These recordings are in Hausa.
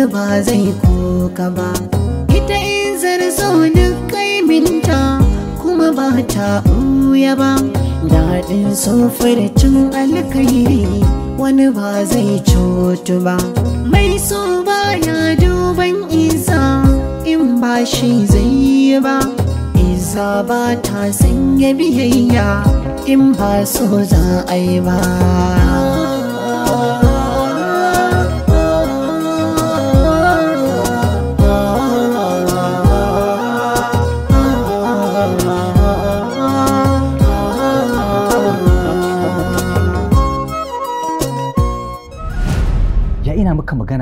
wani ba zai koka ba ita in zarzo kai kaiminta kuma ba ta uya ba daɗin cin alkairi wani ba zai cutu ba mai so ba ya duban isa in ba shi zai yi ba isa ba ta sanya biyayya in ba so za a yi ba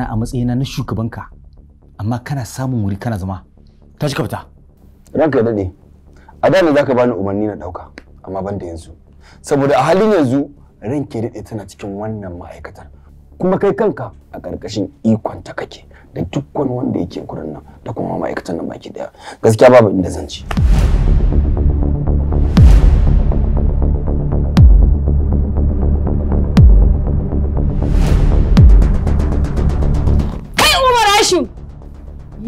a matsayina na shugabanka amma kana samun wuri kana zama ta ci kafta ranka daɗe a da ne zaka bani umarni na ɗauka amma ban da yanzu saboda a halin yanzu ranke daɗe tana cikin wannan ma'aikatar kuma kai kanka a ƙarƙashin ikon ta kake da dukkan wanda yake kurin nan da kuma ma'aikatan nan baki ɗaya gaskiya babu inda zan ci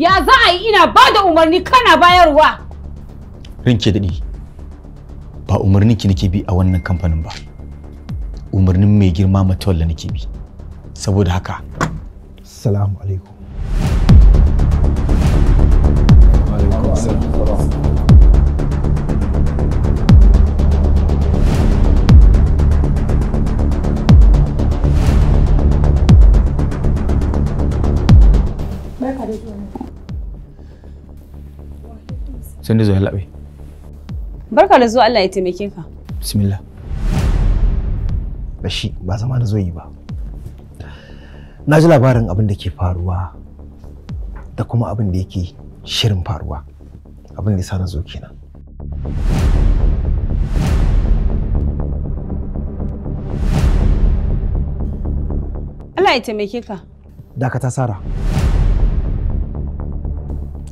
Ya za a yi ina ba da umarni kana bayarwa. Rinke daɗi, ba umarnin ki nake bi a wannan kamfanin ba. Umarnin mai girma matawalla nake bi. Saboda haka. Salamu alaikum. Wa alaikum salam. sai da zo ya labe barka da zuwa Allah ya taimake ka bismillah bashi ba zama na zo yi ba na ji labarin abin da ke faruwa da kuma abin da yake shirin faruwa abin da ya sa na zo kenan Allah ya taimake ka. Dakata Sara.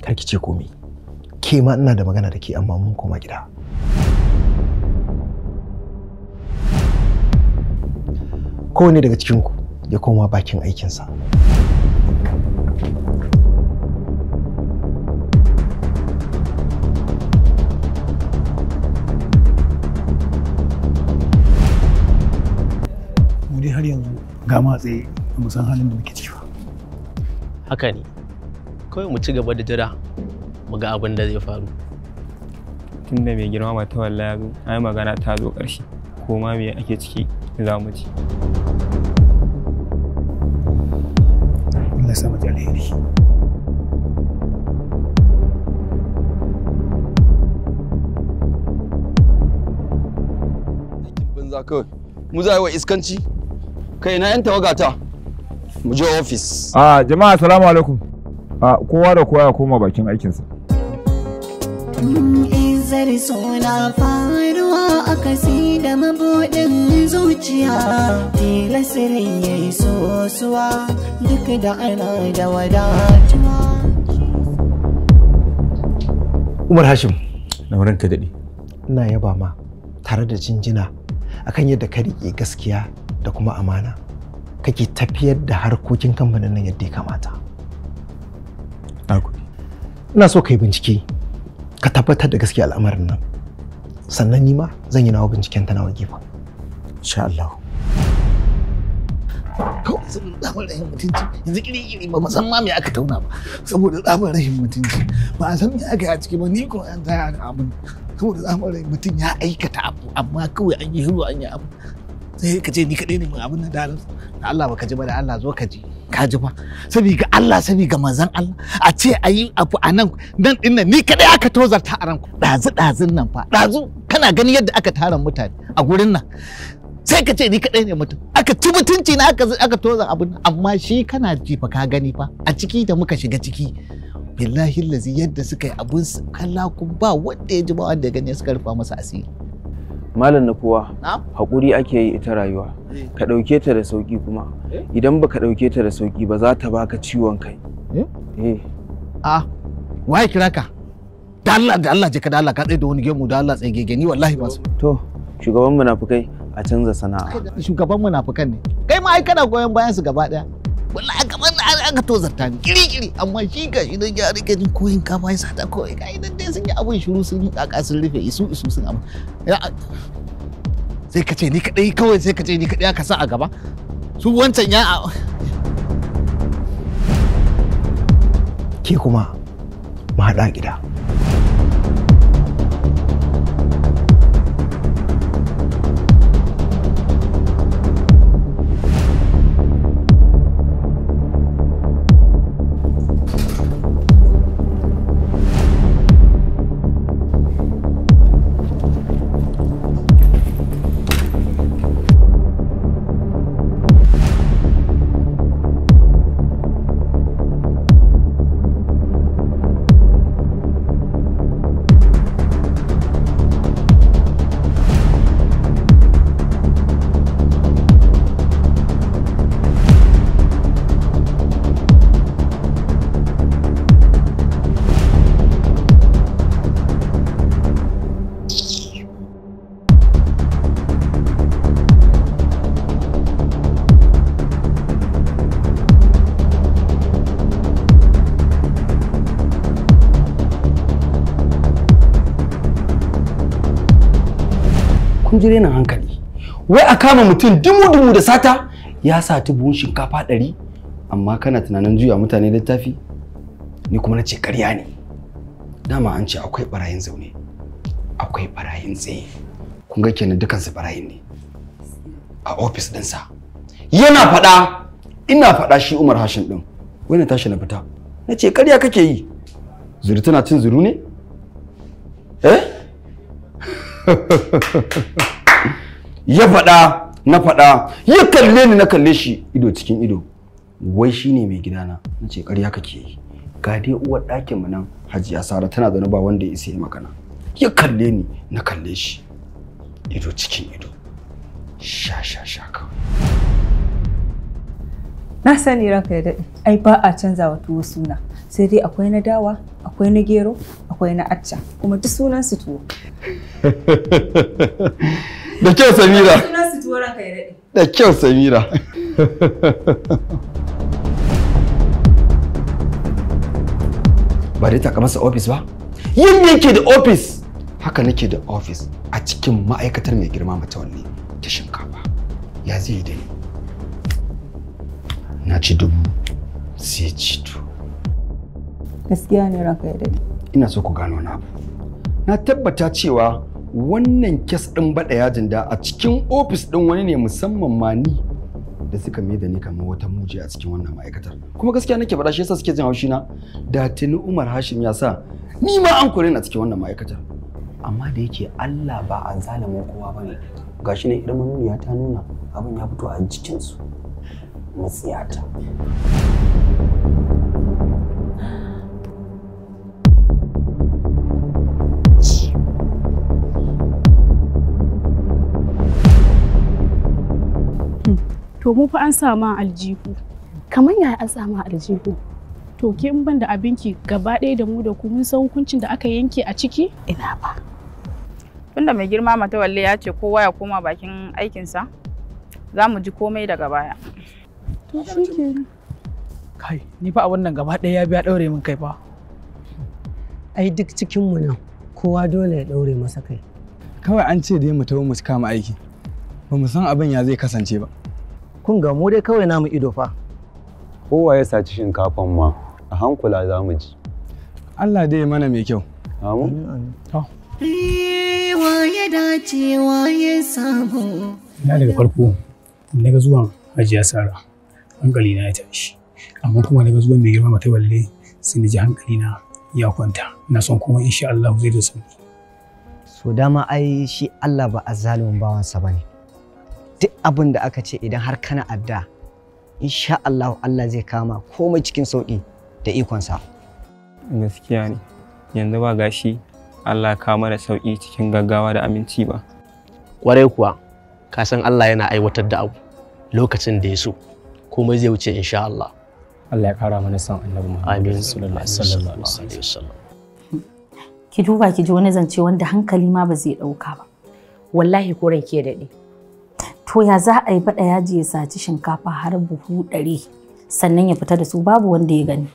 Karki ce komai. ke ma ina da magana da ke amma mun koma gida kowane daga cikinku ya koma bakin aikinsa dai har yanzu ga matsaye ba halin da muke ciki ba haka ne kawai mu ci gaba da jira mu ga abin da zai faru tun da mai girma mata walla ya zo ai magana ta zo ƙarshe ko ma me ake ciki za mu ci Allah sa alheri banza kawai mu za yi wa iskanci kai na yan tawagata mu je ofis a ah, jama'a assalamu alaikum ah, kowa da kowa ya koma bakin aikinsa Izar suna faruwa a kasi da mabuɗin zuciya tilasirin ya yi sosuwa duk da ana da wadatuwa. Umar Hashim, na ka daɗi. Ina yaba ma tare da jinjina akan yadda ka riƙe gaskiya da kuma amana kake tafiyar da harkokin kamfanin nan yadda ya kamata. Ina so ka yi bincike ka tabbatar da gaskiya al'amarin nan sannan ni ma zan yi nawa binciken ta nawa gefen insha Allah kawai saboda tsabar rahin mutunci yanzu kiri kiri ba mu ma me aka tauna ba saboda tsabar rahin mutunci ba a san me aka yi a ciki ba ni ko an tsaya da abin saboda tsabar rahin mutum ya aikata abu amma kawai an yi hiru an yi abu sai ka ce ni kaɗai ne mun abin na dalar da Allah ba ka ji ba da Allah zo ka ji ka ji ba sabi Allah sabi ga manzon Allah a ce a yi abu a nan nan din ni kadai aka tozarta a ranku dazu dazun nan fa dazu kana gani yadda aka tara mutane a gurin nan sai ka ce ni kadai ne mutum aka ci mutunci na aka aka toza abun amma shi kana ji ka gani fa a ciki da muka shiga ciki billahi lazi yadda suka yi abun kalla kun ba wanda ya ji ba wanda ya gani suka rufa masa asiri malam na kowa haƙuri ake yi ita rayuwa eh. ka ɗauke ta da sauƙi kuma eh? idan ba ka ɗauke ta da sauƙi ba za ta baka ciwon kai eh? a waye kira ka da Allah da Allah je ka da Allah ka tsaye da wani gemu da Allah tsaye gege ni wallahi ba su to shugaban munafukai a canza sana'a shugaban munafukan ne kai ma ai kana goyon bayan su gaba daya wallahi gaban aka tozarta ni kiri-kiri amma shi ga shi dan ya rike jin koyin kama ya ta koyi ga idan dai sun yi abin shiru sun yi kaka sun rufe isu isu sun abu sai ka ce ni kadai kawai sai ka ce ni kadai ka sa a gaba su wancan ya ke kuma ma haɗa gida kun jire na hankali wai a kama mutum dumu-dumu da sata ya sati buhun shinkafa ɗari amma kana tunanin juya mutane littafi ni kuma na ce ƙarya ne dama an ce akwai barayin zaune akwai barayin tsaye kun ga kenan dukansu barayin ne a ofis ɗinsa yana faɗa ina faɗa shi umar hashin ɗin wai na tashi na fita na ce karya kake yi zuri tana cin zuru ne eh ya faɗa na faɗa ya kalle ni na kalle shi ido cikin ido wai shi ne mai gida na ce ƙarya kake yi ga dai uwar ɗakinmu nan hajiya sara tana zaune ba wanda ya isa ya magana ya kalle ni na kalle shi ido cikin ido sha sha sha kawai na sani ranka ya daɗe ai ba a canza wa tuwo suna sai dai akwai na dawa akwai na gero akwai na acca kuma duk sunan su tuwo da kyau samira sunan su tuwo ranka da daɗe da kyau samira ba dai taka masa ofis ba yin yake da ofis haka nake da ofis a cikin ma'aikatar mai girma wanne ta shinkafa ya zai da ni na ci dubu sai gaskiya ne ya ina so ku gano na abu na tabbata cewa wannan kes ɗin baɗa yajin da a cikin ofis ɗin wani ne musamman ma ni da suka mai da ni kamar wata muji a cikin wannan ma'aikatar kuma gaskiya nake faɗa shi yasa suke jin haushi na da tuni Umar Hashim ya sa ni ma an kore a cikin wannan ma'aikatar amma da yake Allah ba a zalimin kowa bane gashi ne idan manuniya ta nuna abin ya fito a su. To mu fa an sama aljihu. Kamar yaya an sama aljihu? To ke in ban da abinki gaba ɗaya da mu da ku mun san hukuncin da aka yanke a ciki? Ina ba. Tunda mai girma mata walle ya ce kowa ya koma bakin aikinsa, za mu ji komai daga baya. to kai ni fa a wannan gaba ɗaya ya biya ɗaure min kai ba. ai duk cikin mu nan kowa dole ya ɗaure masa kai kawai an ce dai mu tawo mu kama aiki ba mu san abin ya zai kasance ba kun ga mu dai kawai namu ido fa kowa ya saci shinkafan ma a hankula za mu ji Allah dai mana mai kyau amin Rewa ya ya samu. Ina daga farko, daga zuwan Hajiya Sara. hankali na ya tashi amma kuma daga zuwan mai girma mata balle sai na ji hankali na ya kwanta na son kuma insha Allah zai da sauki so dama ai shi Allah ba bawan bawansa bane duk abin da aka ce idan har kana adda insha Allah Allah zai kama komai cikin sauki da ikonsa gaskiya ne yanzu ba gashi Allah kama da sauki cikin gaggawa da aminci ba kwarai kuwa ka san Allah yana aiwatar da abu lokacin da ya so komai zai wuce insha Allah Allah ya kara mana san annabi Muhammad sallallahu alaihi wasallam ki duba ki ji wani zance wanda hankali ma ba zai dauka ba wallahi ko ran ke dade to ya za a yi bada yaji ya saci shinkafa har buhu ɗari sannan ya fita da su babu wanda ya gani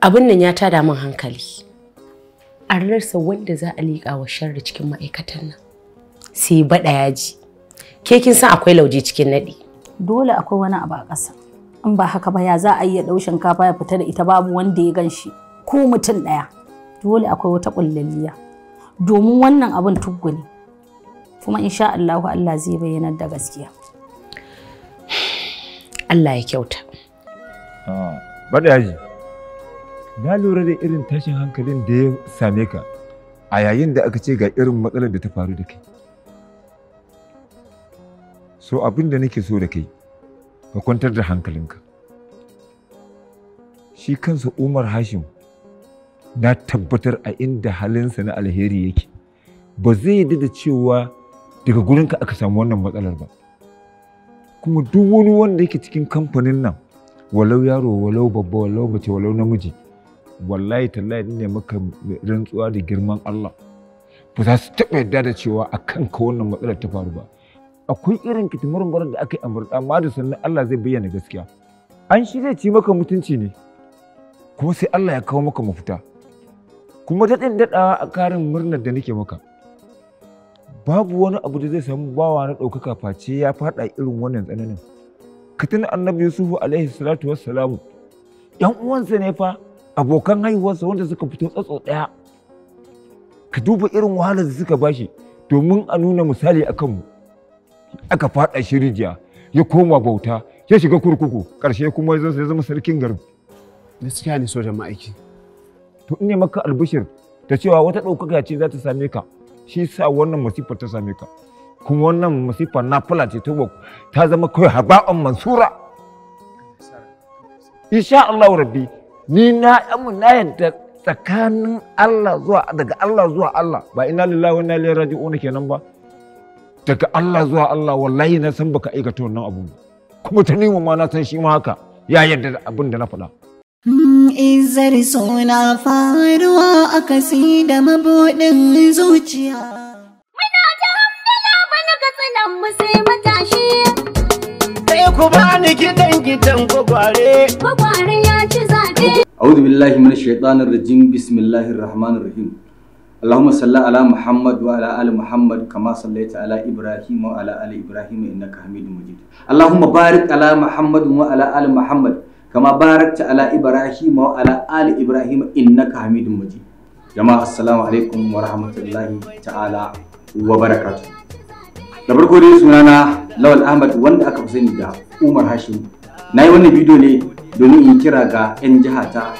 abin nan ya tada min hankali an rasa wanda za a liƙa wa sharri cikin ma'aikatan nan sai baɗa yaji Ke kin san akwai lauje cikin naɗi. Dole akwai wani abu a ƙasa. In ba haka ba ya za a iya ɗau shinkafa ya fita da ita babu wanda ya gan shi ko mutum ɗaya. Dole akwai wata ƙullalliya. Domin wannan abin tuggu Kuma insha Allahu Allah zai bayyana da gaskiya. Allah ya kyauta. Ah, Baɗa yaji, na lura da irin tashin hankalin da ya same ka a yayin da aka ce ga irin matsalar da ta faru da kai. so abin da nake so da kai ka kwantar da hankalinka shi kansa umar hashim na tabbatar a inda halinsa na alheri yake ba zai yi da cewa daga gurinka aka samu wannan matsalar ba kuma duk wani wanda yake cikin kamfanin nan walau yaro walau babba walau mace walau namiji wallahi tallahi ne maka rantsuwa da girman Allah ba za su taɓa yarda da cewa a kanka wannan matsalar ta faru ba akwai irin kitimurin gwanon da aka yi amurda amma da sannan Allah zai bayyana gaskiya an shi zai ci maka mutunci ne kuma sai Allah ya kawo maka mafita kuma daɗin daɗawa a karin murnar da nake maka babu wani abu da zai samu bawa na ɗaukaka face ya faɗa irin wannan tsananin ka tuna annabi yusufu alaihi salatu wassalamu yan uwansa ne fa abokan haihuwarsa wanda suka fito tsatso ɗaya ka duba irin wahalar da suka bashi domin a nuna misali a kanmu aka faɗa shi rijiya ya koma bauta ya shiga kurkuku karshe kuma ya zama sarkin garin gaskiya ne sojan ma'aiki to ne maka albishir da cewa wata ɗaukaka ce za ta same ka shi sa wannan masifar ta same ka kuma wannan masifar na fula ce ta ta zama kawai haba'an mansura insha Allah rabbi ni na amu na yadda tsakanin Allah zuwa daga Allah zuwa Allah ba ina lillahi wa inna ilaihi raji'un kenan ba daga Allah zuwa Allah wallahi na san baka aikata wannan abu. kuma ta nemo ma na san shi ma haka ya yarda da abin da na faɗa. Hmm, Izar suna faruwa a kasi da mabuɗin zuciya. Muna ta hamdala bana ga tsanan mu sai matashi. Sai ku bani gidan gidan gwagware. Gwagware ya ci zaɓe. Audu billahi min shaitanir rajim bismillahir rahmanir rahim. اللهم صل على محمد وعلى آل محمد كما صليت على إبراهيم وعلى آل إبراهيم إنك حميد مجيد اللهم بارك على محمد وعلى آل محمد كما باركت على إبراهيم وعلى آل إبراهيم إنك حميد مجيد jama'a assalamu alaikum wa rahmatullahi ta'ala wa barakatu da farko dai sunana lawal ahmad wanda aka fi sani da umar hashim na yi wannan bidiyo ne domin in kira ga 'yan jihata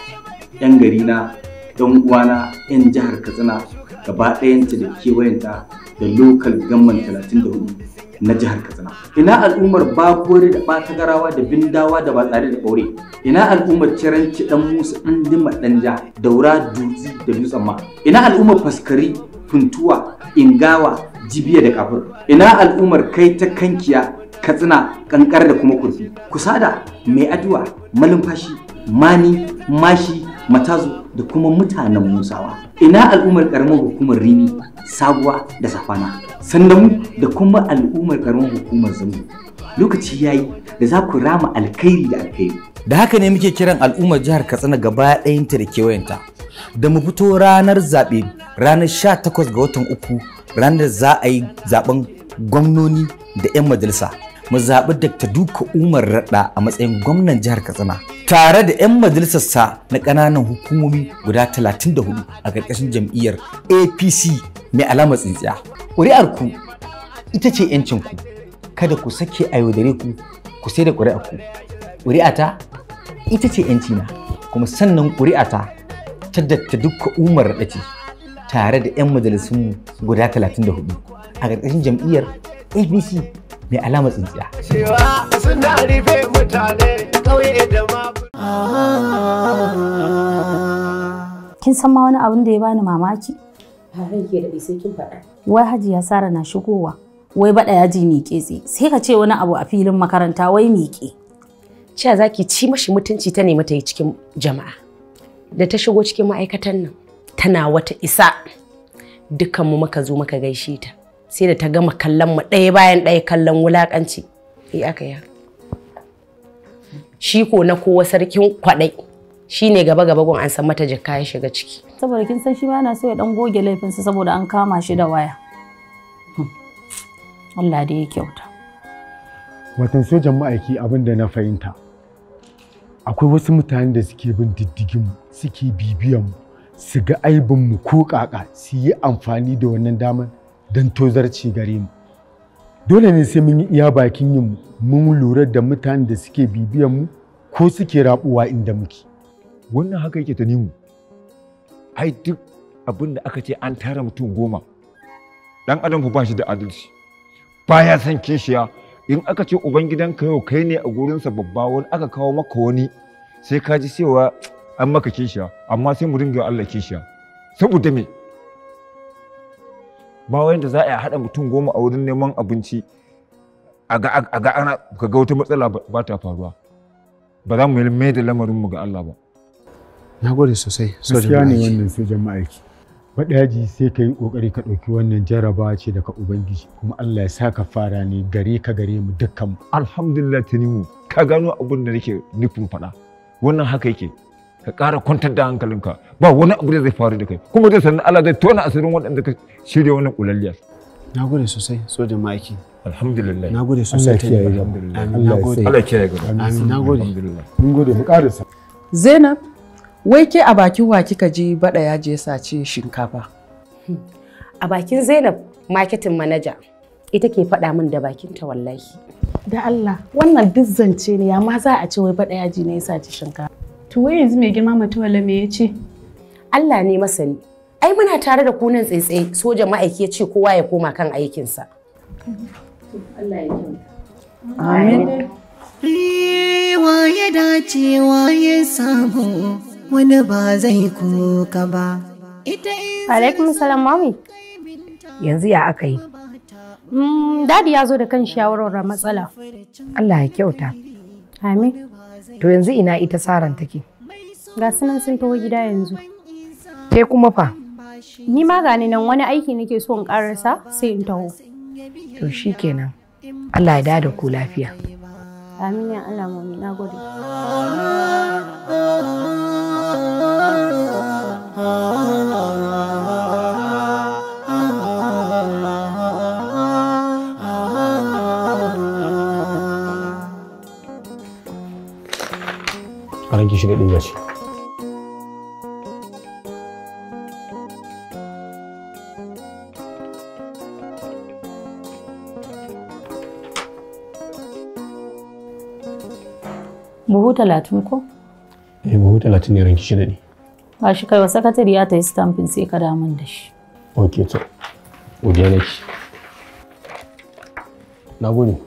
'yan na 'yan uwana 'yan jihar katsina gaba ɗayanta da kewayenta da lokal gamman 34 na jihar katsina ina al'ummar bakore da batagarawa da bindawa da ba batsare da ɓaure ina al'ummar ciranci ɗan musa ɗan dima ɗan ja daura Dutsi da dutsen ma ina al'ummar faskari funtuwa ingawa jibiya da kafur ina al'ummar kai ta kankiya katsina kankar da kuma kurfi kusada mai aduwa malumfashi mani mashi matazu da kuma mutanen musawa ina al'ummar karamar hukumar rimi sabuwa da safana sannan da kuma al'ummar karamar hukumar zamu lokaci ya yi da za ku rama alkhairi da alkhairi da haka ne muke kiran al'ummar jihar katsina gaba ɗayanta da kewayenta da mu fito ranar zaɓe ranar 18 ga watan uku ranar za a yi zaɓen gwamnoni da 'yan majalisa mu zaɓi Dr. Duka Umar Radda a matsayin gwamnan jihar Katsina tare da 'yan majalisarsa na ƙananan hukumomi guda 34 a ƙarƙashin jam'iyyar APC mai alamar tsintsiya. Ƙuri'arku ita ce 'yancinku, kada ku sake a yaudare ku ku sai da ƙuri'arku. Ƙuri'ata ita ce 'yancina, kuma sannan ƙuri'ata ta Dr. Duka Umar Radda ce tare da 'yan majalisunmu guda 34 a ƙarƙashin jam'iyyar APC mai alamar tsintsiya. Kin san ma wani abin da ya bani mamaki? Harai da sai kin faɗa. Wai Hajiya Sara na shigowa. Wai baɗa yaji miƙe tsi. Sai ka ce wani abu a filin makaranta wai miƙe. Cewa za ki ci mashi mutunci ta nemi ta yi cikin jama'a. Da ta shigo cikin ma'aikatan nan tana wata isa. Dukkanmu muka zo muka gaishe ta. sai da ta gama kallon mu ɗaya bayan ɗaya kallon wulakanci yi aka yi shi ko na kowa sarkin kwaɗai shi ne gaba gaba gun an san mata jikka ya shiga ciki saboda kin san shi ba yana so ya dan goge laifinsa saboda an kama shi da waya hmm. Allah da ya kyauta watan sojan ma'aiki abin da na fahimta akwai wasu mutane da suke bin diddigin suke bibiyan mu su ga aibin mu ko kaka su yi amfani da wannan damar don tozarci gare mu dole ne sai mun yi iya bakin yin mun lura da mutanen da suke bibiyan mu ko suke rabuwa inda muke wannan haka yake ta mu ai duk abin da aka ce an tara mutum goma dan adam ba shi da adalci baya san kishiya in aka ce ubangidanka yau kai ne a gurinsa babba wani aka kawo maka wani sai ka ji cewa an maka kishiya amma sai mu dinga Allah kishiya saboda me ba yadda za a haɗa mutum goma a wurin neman abinci a ga ana ka ga wata matsala ba ta faruwa ba za mu yi mai da lamarinmu ga Allah ba. Na gode sosai. Gaskiya ne wannan sai jama'a yake. faɗaji sai ka yi ƙoƙari ka ɗauki wannan jaraba ce daga Ubangiji kuma Allah ya sa ka fara ne gare ka gare mu dukkan. Alhamdulillah tuni ka gano abin da nake nufin faɗa wannan haka yake ka ƙara kwantar da hankalinka ba wani abu da zai faru da kai kuma zai sannan Allah zai tona asirin waɗanda ka shirya wani ƙulalliyar. Na gode sosai so da maki. Alhamdulillah. Na gode sosai ta yi alhamdulillah. Allah kiyaye gaba. Amin na gode. Mun gode mu ƙarisa. Zainab wai ke a bakin wa kika ji baɗa ya je sace shinkafa. A bakin Zainab marketing manager ita ke faɗa min da bakinta wallahi. Da Allah wannan duk zance ne amma za a ce wai baɗa yaji ne ya sace shinkafa. To wai yanzu mai girma mutuwala me ya ce? Allah ne masani. Ai muna tare da kunan tsaitsaye sojan ma'aiki ya ce kowa ya koma kan aikinsa. Allah ya Amin. Riwa ya dace wa ya samu wani ba zai kuka ba. Alaikum salam mami. Yanzu ya aka yi. Mm, dadi ya zo da kan shawarwar matsala. Allah ya kyauta. Amin. To yanzu ina ita saran take? Ga sunan sun taho gida yanzu. Ke kuma fa? Ni ma gani nan wani aiki nake so in karasa sai in taho. To shikenan. Allah ya da ku lafiya. Amin ya Allah na gode. ranki shi daɗe shi. buhu talatin ko? eh buhu talatin ne ranki shida ne ba shi kaiwa sakatari ya ta yi stampin sai ka damun da shi ok to na nake na gode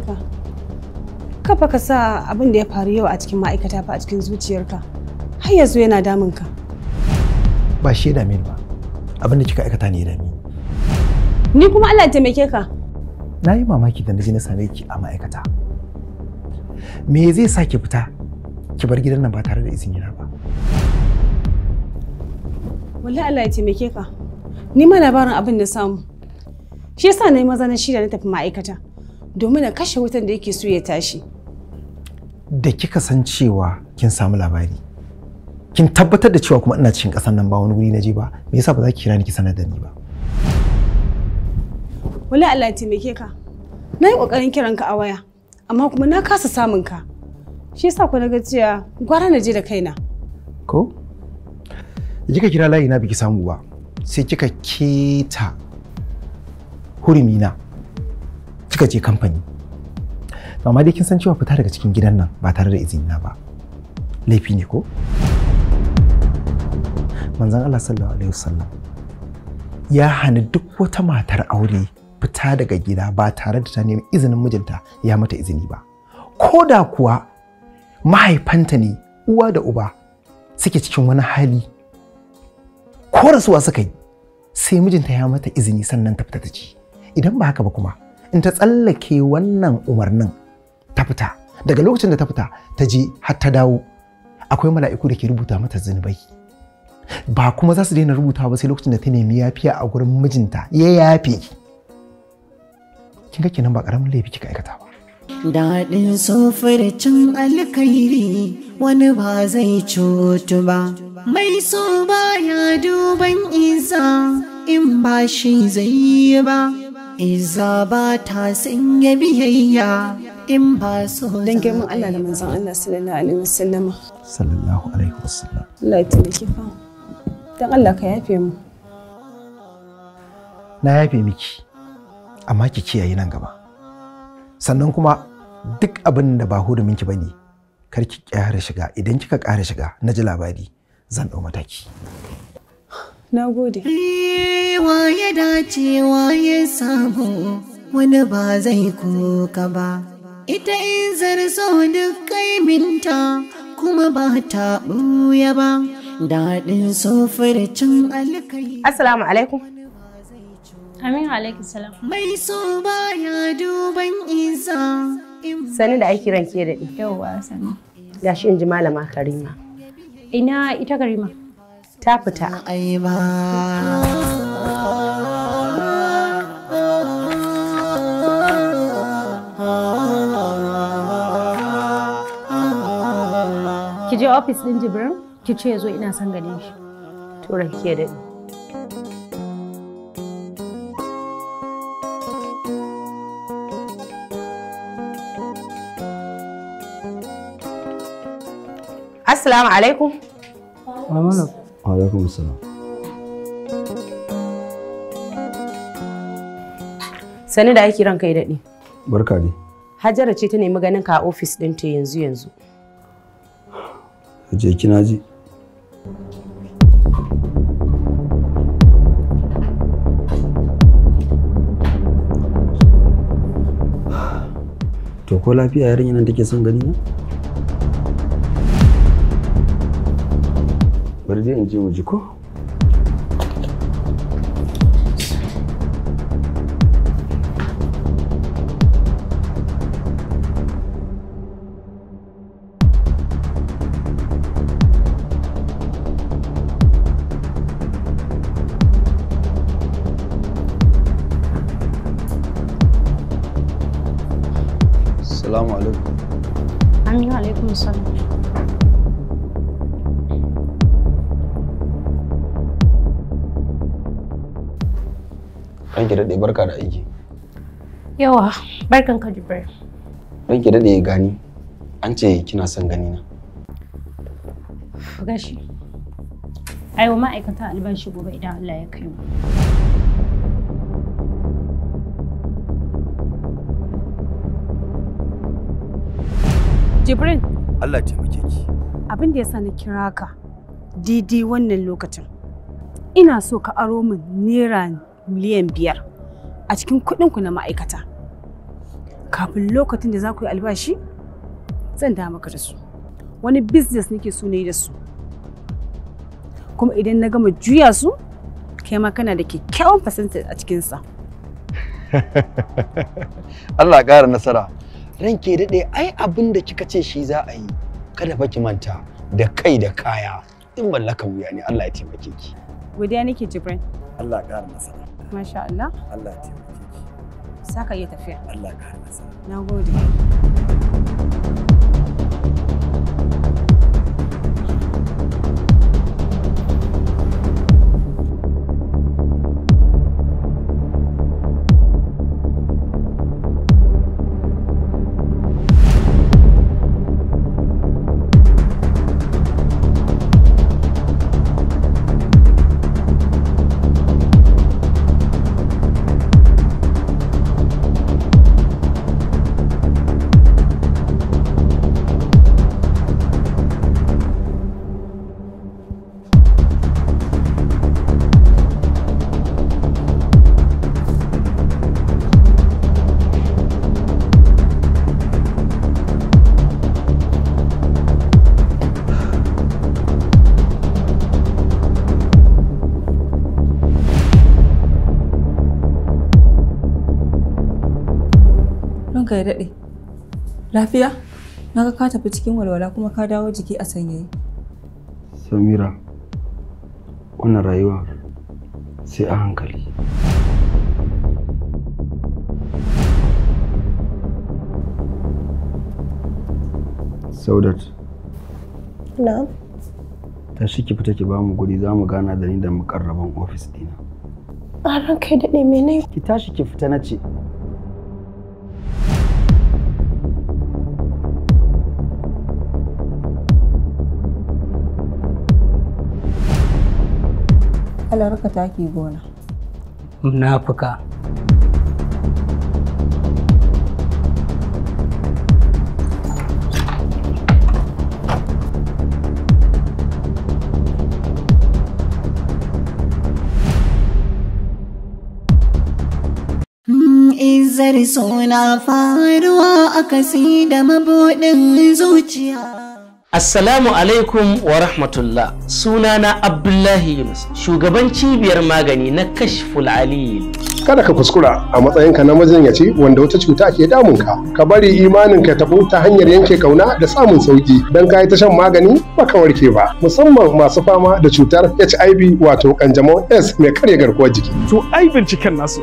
ɗauke ka kafa ka sa abin da ya faru yau a cikin ma'aikata fa a cikin zuciyarka har yanzu yana damun ka ba shi dame ba abin da kika aikata ne ya dame ni kuma Allah ya taimake ka na yi mamaki da naji na same ki a ma'aikata me zai sa ki fita ki bar gidan nan ba tare da izinin na ba wallahi Allah ya taimake ka ni ma labarin abin da samu shi yasa na yi maza na shirya na tafi ma'aikata domin na kashe wutan da yake so ya tashi. Da kika san cewa kin samu labari. Kin tabbatar da cewa kuma ina cikin ƙasar nan ba wani guri na je ba. Me yasa ba za ki kira ni ki sanar da ni ba? Wala Allah ya taimake ka. Na yi ƙoƙarin kiran ka a waya, amma kuma na kasa samun ka. Shi yasa ku na gajiya gwara na je da kaina. Ko? Da kika kira layi na biki samu ba. Sai kika keta hurumi na. kika je kamfani to amma dai kin san cewa fita daga cikin gidan nan ba tare da izini na ba laifi ne ko manzon Allah sallallahu alaihi wasallam ya hana duk wata matar aure fita daga gida ba tare da ta nemi izinin mijinta ya mata izini ba ko da kuwa mahaifanta ne uwa da uba suke cikin wani hali ko rasuwa suka yi sai mijinta ya mata izini sannan ta fita ta ci idan ba haka ba kuma in ta tsallake wannan umarnin ta fita daga lokacin da ta fita ta je har ta dawo akwai mala'iku da ke rubuta mata zunubai ba kuma za su daina rubuta ba sai lokacin da ta nemi yafiya a gurin mijinta ya yafe kin ga kenan ba karamin laifi kika aikata ba daɗin sofircin alkhairi wani ba zai cutu ba mai so baya duban isa in ba shi zai yi ba Iza ba ta sanya biyayya in ba so Dan girman Allah da manzon Allah sallallahu alaihi wasallama. Sallallahu alaihi wasallam. Allah ya taimake fa. Dan Allah ka yafe mu. Na yafe miki. Amma ki kiyaye nan gaba. Sannan kuma duk abin da ba minki bane kar ki ƙara shiga idan kika ƙara shiga na ji labari zan ɗau mataki. na gode ya dace wa ya samu wani ba zai kuka ba ita in zarzo duk kaiminta kuma ba ta ɓuya ba daɗin sofircin alkai assalamu alaikum amin alaikum salam mai so ba ya duban isa sani da aiki ranke da yauwa sani gashi in ji malama karima ina ita karima ta fita. Ki je ofis ɗin jibirin, ki ce zo ina son ganin shi. Tura ke daɗi. Assalamu alaikum. Wa alaikum salam sani da aiki ranka ya daɗe barka ne hajara ce ta nemi ganin ka a ofis ɗin ta yanzu yanzu je kina ji to ko lafiya yarinya nan take son gani na bari je in je mu ji ko daɗe barka da aiki. Yawa barkan ka Jibril. ki daɗe gani an ce kina son gani na. Gashi. Ai wa ma'aikata albashi gobe idan Allah ya kai mu. Jibril. Allah taimake ki. Abin da ya sa na kira ka didi wannan lokacin. ina so ka aro min naira miliyan biyar a cikin kuɗinku na ma'aikata kafin lokacin da za ku yi albashi zan da maka da su wani business nake so na da su kuma idan na gama juya su kai ma kana da kyakkyawan percentage a cikinsa Allah ƙara nasara ranke daɗe ai abin da kika ce shi za a yi kada fa ki manta da kai da kaya in mallaka wuya ne Allah ya taimake ki godiya nake Jibrin Allah ƙara nasara masha Allah Allah ya taimake ki saka iya tafiya Allah ka hana sa ka ya daɗe. Lafiya? Na ga ka tafi cikin walwala kuma ka dawo jiki a sanyaye. Samira, wannan rayuwa sai a hankali. Saudat. Na'am. Tashi ki fita ki bamu guri za mu gana da ni da mukarraban ofis dina. A kai ya daɗe mene? Ki tashi ki fita na ce. kalar ka taki gona munafuka mm, Zari suna faruwa a kasi da mabuɗin zuciya. Assalamu alaikum wa rahmatullah sunana Abdullahi Yunus shugaban cibiyar magani na kashful alil. Kada ka kuskura a matsayinka na majinyaci wanda wata cuta ke damunka. Ka bari imanin ka tabo ta hanyar yanke kauna da samun sauki don ka yi ta shan magani baka warke ba. Musamman masu fama da cutar HIV wato kanjamau S mai karya garkuwar jiki. To ai binciken nasu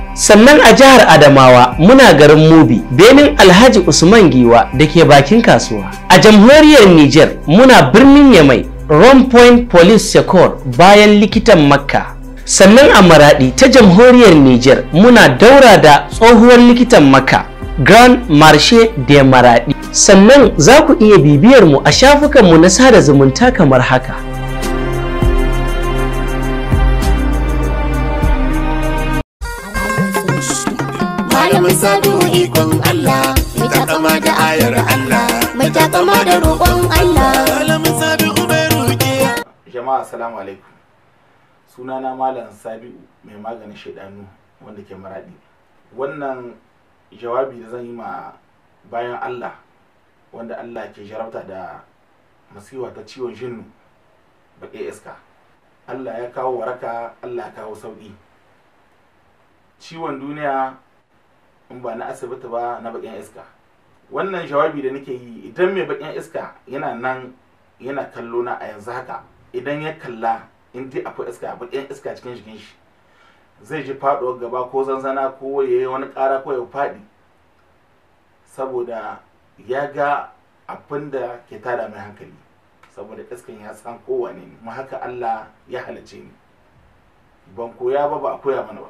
sannan a jihar adamawa muna garin mubi benin alhaji usman giwa da ke bakin kasuwa a jamhuriyar niger muna birnin yamai Ron Point Police Secor bayan likitan Makka. Sannan a Maraɗi ta jamhuriyar Nijar muna daura da tsohuwar likitan Makka Grand Marche de Maraɗi. Sannan za ku iya bibiyar mu a shafukanmu na sada zumunta kamar haka. malamin sadu ikon Allah mai takama da ayar Allah mai da roƙon Allah malamin sadu mai roƙe jama'a assalamu alaikum sunana malam sabiu mai maganin shaidanu wanda ke maraɗi wannan jawabi da zan yi ma bayan Allah wanda Allah ke jarabta da masiwa ta ciwon jinnu baƙe iska Allah ya kawo waraka Allah ya kawo sauƙi ciwon duniya in ba na asibiti ba na bakin iska wannan jawabi da nake yi idan mai bakin iska yana nan yana kallo na a yanzu haka idan ya kalla in dai akwai iska bakin iska cikin jikin shi zai ji faɗuwar gaba ko zanzana ko ya yi wani ƙara ko ya faɗi saboda ya ga abin da ke tada mai hankali saboda iskan ya san kowane ne haka Allah ya halice ni ban koya ba ba a koya mana ba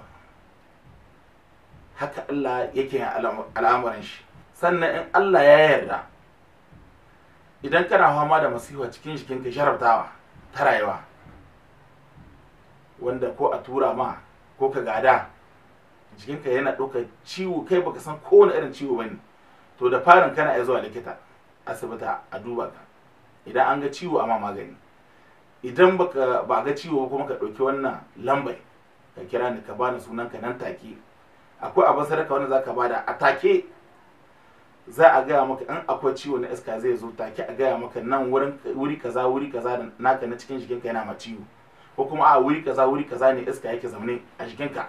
haka Allah yake yin al'amuran shi sannan in Allah ya yarda idan kana fama da masifa cikin jikinka jarabtawa ta rayuwa wanda ko a tura ma ko ka gada jikinka yana ɗaukar ciwo kai baka san kowane irin ciwo bane to da farin kana iya zuwa likita asibita a duba ka idan an ga ciwo amma magani idan baka ba ga ciwo kuma ka ɗauki wannan lambai ka kira ni ka bani sunan ka nan take akwai abin sadaka wanda zaka bada a take za a gaya maka in akwai ciwo na iska zai zo take a gaya maka nan wurin wuri kaza wuri kaza naka na cikin jikinka yana ma ciwo ko kuma a wuri kaza wuri kaza ne iska yake zaune a jikinka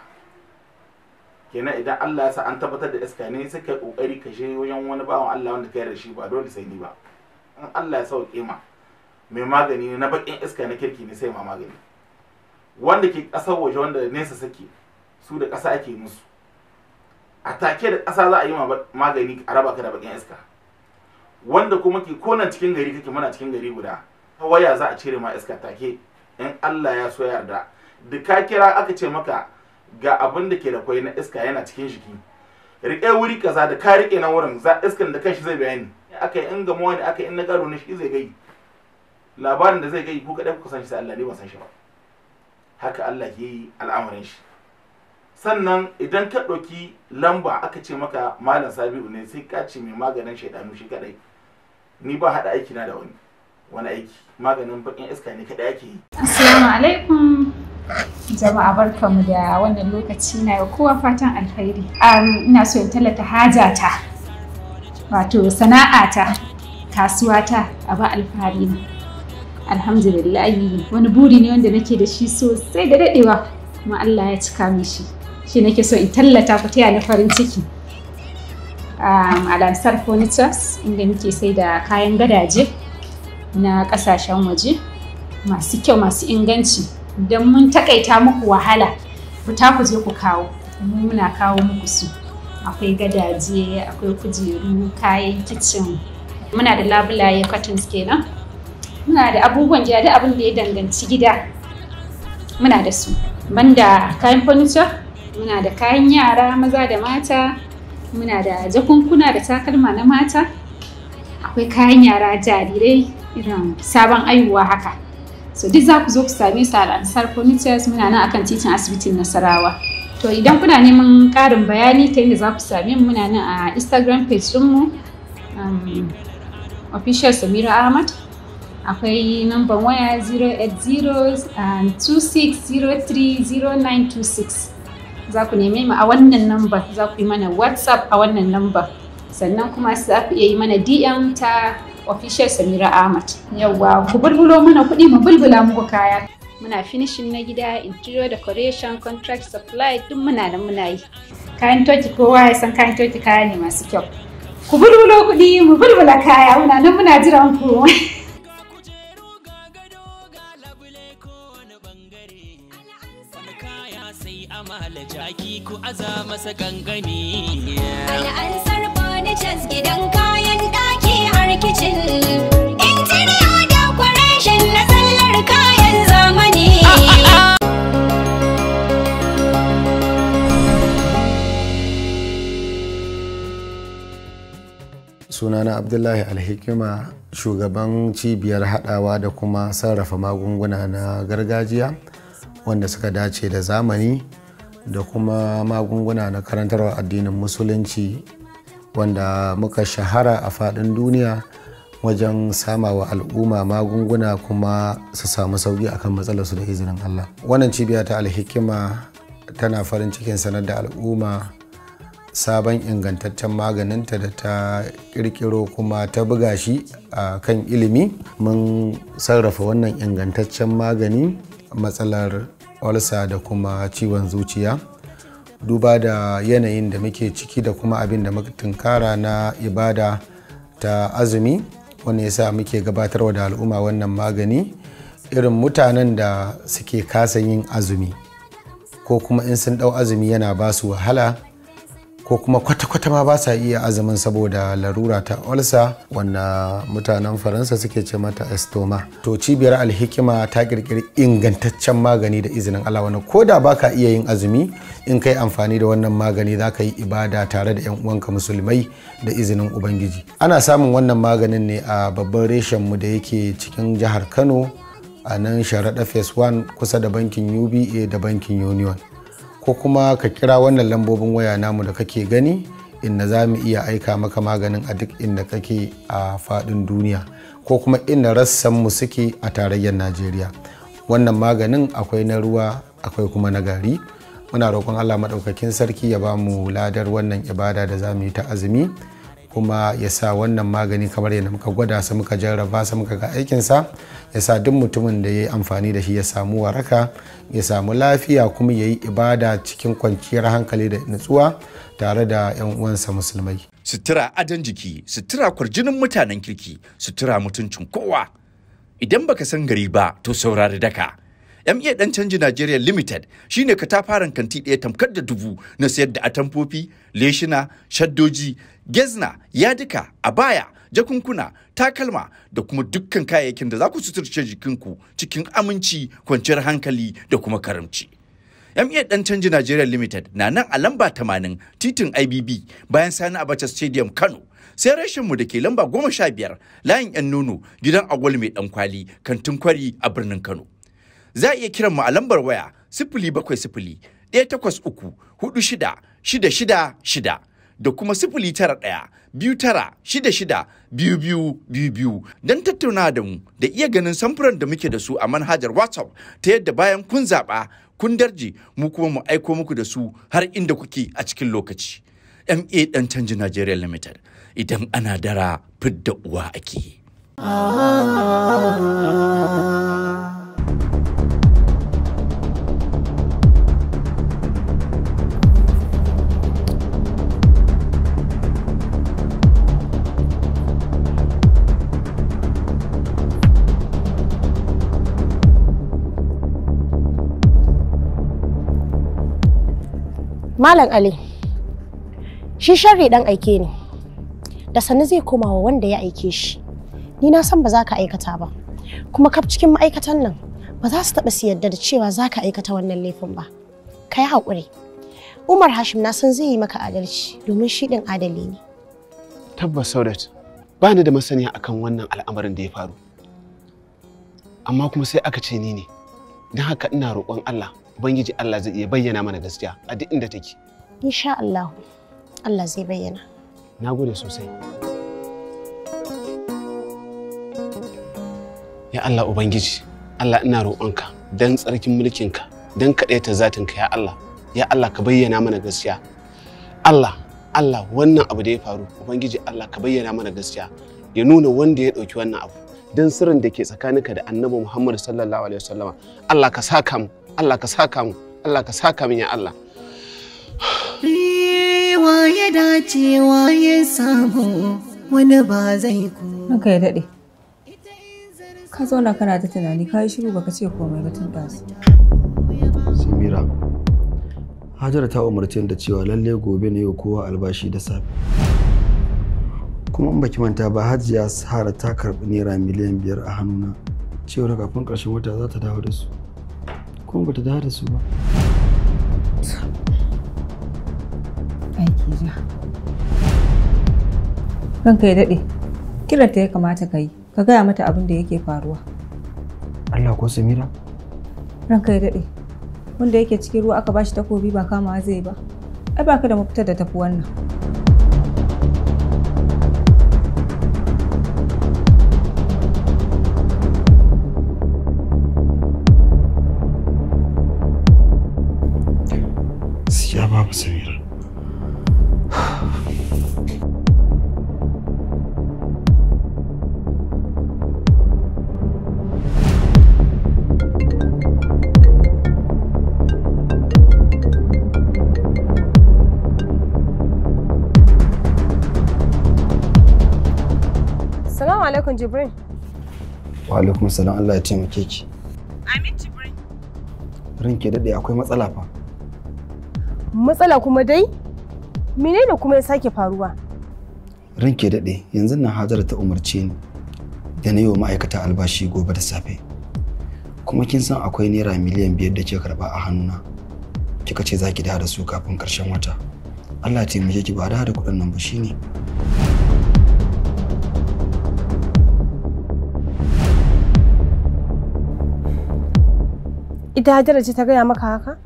kenan idan Allah ya sa an tabbatar da iska ne sai kai kokari ka je wajen wani bawan Allah wanda kai da shi ba dole sai ni ba in Allah ya sauke ma mai magani ne na bakin iska na kirki ne sai ma magani wanda ke kasar waje wanda nesa sake su da kasa ake musu a take da kasa za a yi magani a raba ka da bakin iska wanda kuma ke konan cikin gari kake muna cikin gari guda ta waya za a cire ma iska take in Allah ya so yarda da ka kira aka ce maka ga abin da ke da kwai na iska yana cikin jiki riƙe wuri kaza da ka riƙe na wurin za iskan da kanshi zai bayani aka yi in gamo wani aka yi in na garo na shi zai gai labarin da zai gai ku kaɗai kuka san shi sai Allah ne ba san shi ba haka Allah ke yi al'amarin shi sannan idan ka ɗauki lamba aka ce maka malam sabiu ne sai ka ce mai maganin shaidanu shi kadai ni ba haɗa aiki na da wani wani aiki maganin bakin iska ne kadai ake yi assalamu alaikum jama'a barkamu da wannan lokaci na yau kowa fatan alkhairi ina so in tallata hajata wato sana'ata kasuwata a ba alfahari ne alhamdulillahi wani buri ne wanda nake da shi sosai da daɗewa kuma Allah ya cika mishi shi shi nake so in tallata ku taya ni farin ciki um, a lansar furnitures inda muke sai da kayan gadaje na kasashen waje masu kyau masu inganci Idan mun takaita muku wahala ku ta ku je ku kawo mu muna kawo muku su akwai gadaje akwai kujeru kayan kicin muna da labulaye cuttings kenan muna da abubuwan gida da abin da ya danganci gida muna da su banda kayan furniture muna da kayan yara maza da mata muna da jakunkuna da takalma na mata akwai kayan yara jarirai irin sabon aihuwa haka so duk za ku zo ku same su a ansar furnitures muna nan akan titin asibitin nasarawa to idan kuna neman ƙarin bayani ta yadda za ku same mu muna nan a instagram page ɗinmu mu um, official samira ahmad akwai namban waya 080 0926 za ku neme mu a wannan namba za ku yi mana whatsapp a wannan namba sannan kuma za ku iya yi mana dm ta official samira ahmad yawwa ku bulbulo mana kuɗi mu bulbula muku kaya muna finishin na gida interior decoration contract supply duk muna nan muna yi kayan toki kowa ya san kayan toki kaya ne masu kyau ku bulbulo kuɗi mu bulbula kaya muna nan muna jiran ku da jaki ku aza masa gangami al'ansar furnitures gidan kayan daki har kicin interior decoration na sallar kayan zamani sunana abdullahi alhikima shugaban cibiyar hadawa da kuma sarrafa magunguna na gargajiya wanda suka dace da zamani da kuma magunguna na karantarwa addinin musulunci wanda muka shahara a faɗin duniya wajen sama wa al'umma magunguna kuma su samu sauki akan su da izinin Allah. Wannan cibiya ta alhikima tana farin cikin sanar da al'umma sabon ingantaccen maganinta da ta ƙirƙiro kuma ta buga shi a kan ilimi mun sarrafa wannan ingantaccen magani matsalar olsa da kuma ciwon zuciya duba da yanayin da muke ciki da kuma abin da tunkara na ibada ta azumi wanda sa muke gabatarwa da al'umma wannan magani irin mutanen da suke kasa yin azumi ko kuma in sun ɗau azumi yana ba su wahala ko kuma kwata-kwata ma ba sa iya azumin saboda larura ta olsa wanda mutanen faransa suke ce mata estoma to cibiyar alhikima ta kirkiri ingantaccen magani da izinin allah wani ko da baka iya yin azumi in kai amfani da wannan magani za ka yi ibada tare da 'yan uwanka musulmai da izinin ubangiji ana samun wannan maganin ne a babban reshen mu da yake cikin jihar kano a nan sharaɗa phase 1 kusa da bankin uba da bankin union ko kuma ka kira wannan lambobin waya namu da kake gani inda za mu iya aika maka maganin a duk inda kake a faɗin duniya ko kuma inda mu suke a tarayyar najeriya wannan maganin akwai na ruwa akwai kuma na gari muna roƙon allah maɗaukakin sarki ya ba mu ladar wannan ibada da za mu yi ta azumi kuma ya sa wannan magani kamar yadda muka gwada sa muka jarraba sa muka ga aikinsa ya sa duk mutumin da ya yi amfani da shi ya samu waraka ya samu lafiya kuma ya yi ibada cikin kwanciyar hankali da nutsuwa tare da 'yan uwansa musulmai. Sutura adon jiki, sutura kwarjinin mutanen kirki, sutura mutuncin kowa. Idan baka san gari ba, to saurari daka. MA dan canji Nigeria Limited shine katafaren kanti ɗaya tamkar da dubu na sayar da atamfofi, leshina, shaddoji, gezna, yadika, baya jakunkuna, takalma da kuma dukkan kayayyakin da za ku suturce jikinku cikin aminci, kwanciyar hankali da kuma karamci. MA dan canji Nigeria Limited na nan a lamba tamanin titin IBB bayan Sani a Abacha Stadium Kano. sai rashin mu da ke lamba goma sha biyar layin 'yan nono gidan agwal mai ɗankwali kantin kwari a birnin Kano. za a iya kiran mu a lambar waya sifili bakwai sifili ɗaya takwas uku hudu shida shida shida shida da kuma sifili tara ɗaya biyu tara shida shida biyu biyu biyu biyu don tattauna da mu da iya ganin samfuran da muke da su a manhajar whatsapp ta yadda bayan kun zaɓa kun darje mu kuma mu aiko muku da su har inda kuke a cikin lokaci ma ɗan canji nigeria limited idan ana dara fidda uwa ake. Ah. Malam Ali, shi sharri ɗan aike ne, da sannu zai komawa wanda ya aike shi, ni na san ba za ka aikata ba. kuma kaf cikin ma'aikatan nan ba za su taɓa su yarda da cewa za ka aikata wannan laifin ba ka yi haƙuri umar hashim na san zai yi maka adalci domin shi ɗin adali ne tabbas saudat ba ni da masaniya akan wannan al'amarin da ya faru amma kuma sai aka ce ni ne don haka ina roƙon allah ubangiji allah zai iya bayyana mana gaskiya a duk inda take insha allah allah zai bayyana na gode sosai ya Allah ubangiji Allah ina roƙonka dan tsarkin mulkinka dan kaɗaita zatinka ya Allah ya Allah ka bayyana mana gaskiya Allah Allah wannan abu da ya faru ubangiji Allah ka bayyana mana gaskiya ya nuna wanda ya ɗauki wannan abu dan sirrin da ke tsakaninka da annabi Muhammad sallallahu alaihi wasallam. Allah ka saka mu Allah ka saka mu Allah ka saka mu ya Allah Wa ya dace wa ya sabo wani ba zai ku. Haka ya daɗe. Ka zauna kana ta tunani ka yi shiru baka ce komai ba tun su. Samira, Hajara ta umarce da cewa lalle gobe ne yau kowa albashi da safe. Kuma in baki manta ba Hajiya Sahara ta karɓi naira miliyan biyar a hannuna cewar kafin ƙarshen wata za ta dawo da su. Kuma ta dawo da su ba. Aiki ja. ya daɗe, kiranta ya kamata ka yi. ka gaya mata abin da yake faruwa Allah ko Samira ranka ya daɗe wanda yake cikin ruwa aka bashi takobi ba kamawa zai ba ai baka da mafitar da tafi wannan Siya babu Samira alaikum Jibrin. Wa alaikum salam Allah ya taimake ki. Amin Jibrin. rin ke daɗe akwai matsala fa. Matsala kuma dai? Menene kuma ya sake faruwa? rin ke daɗe yanzu nan Hajara ta umarce ni da na yi wa ma'aikata albashi gobe da safe. Kuma kin san akwai naira miliyan biyar da ke karɓa a hannuna. Kika ce za ki da su kafin ƙarshen wata. Allah ya taimake ki ba da kuɗin nan ba shine. Ita Hajara ce ta gaya maka haka?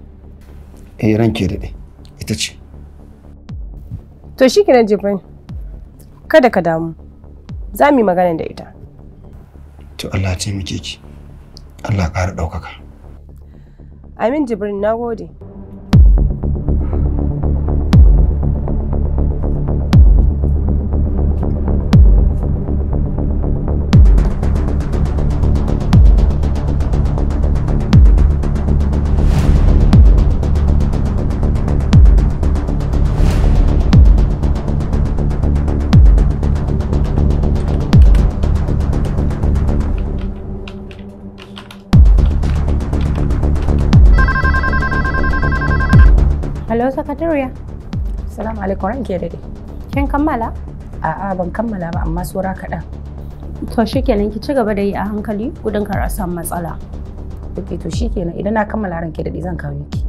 Eh ranke daɗe, ita ce. To shi kenan Jibrin, kada ka damu, za mu yi magana da ita. To Allah ya taimake ki, Allah ƙara ɗaukaka. Amin Jibrin, na gode. sakatariya. Salamu alaikum ranke da dai. Kin kammala? A'a ban kammala ba amma sura kaɗan. To shikenan ki ci gaba da yi a hankali gudun kar a samu matsala. Ok to shikenan idan na kammala ranke da zan kawo ki.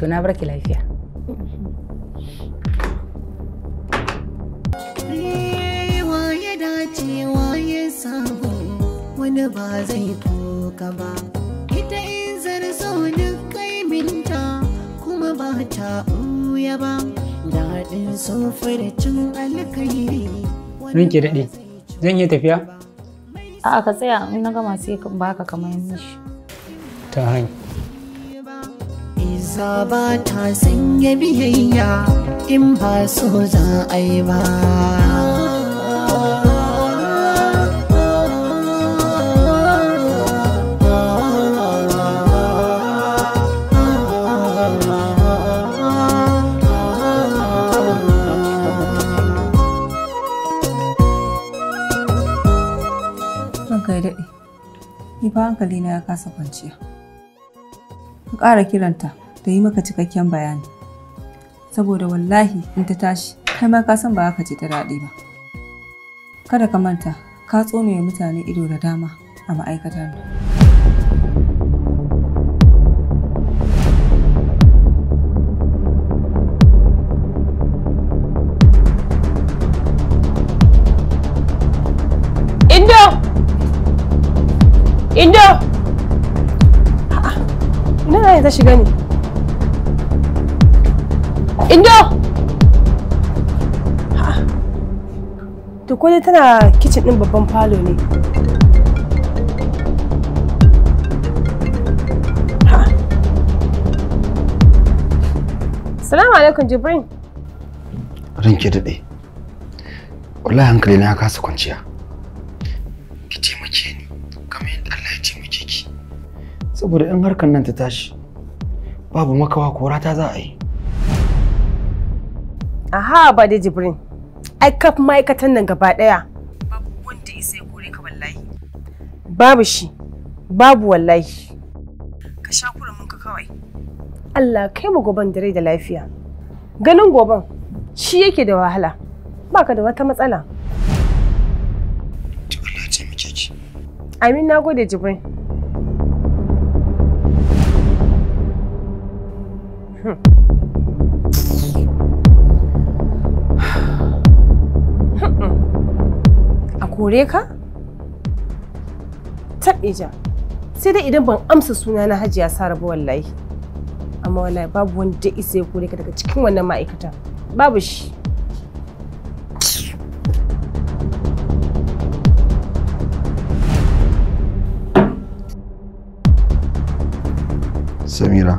To na barki lafiya. dace wani ba zai koka ba. Ita in zarzo duk kai min ba ta ɓuya ba daɗin cin alkairi Rinke daɗe, zan yi tafiya? a ka tsaya in na gama sai ka baka kamar mishi. Ta hanyar. iza ba ta sanya biyayya in ba so za a yi ba. Ni fa hankali na ya kasa kwanciya. Ka ƙara kiranta ta yi maka cikakken bayani. Saboda wallahi in ta tashi, kai ma ka san ba ka ce ta daɗi ba. Kada ka manta, ka tsone mutane ido da dama a ma'aikatar Indo! Ina na ta shiga ne? Indo! To ko dai tana kicin ɗin babban falo ne. Salamu alaikum Jibrin. Rinki daɗe. Wallahi hankali na kasa kwanciya. saboda in harkar nan ta tashi babu makawa kora ta za a yi aha ba da jibrin ai kaf ma'aikatan nan gaba daya babu wanda isa ya kore ka wallahi babu shi babu wallahi ka sha mun ka kawai Allah kai mu goban da rai da lafiya ganin goban shi yake da wahala baka da wata matsala Amin na gode Jibrin. kore ka? Taɓe ja, sai dai idan ban amsa suna na hajiya sara ba wallahi. Amma wallahi babu wanda isa ya kore ka daga cikin wannan ma'aikata. Babu shi. Samira.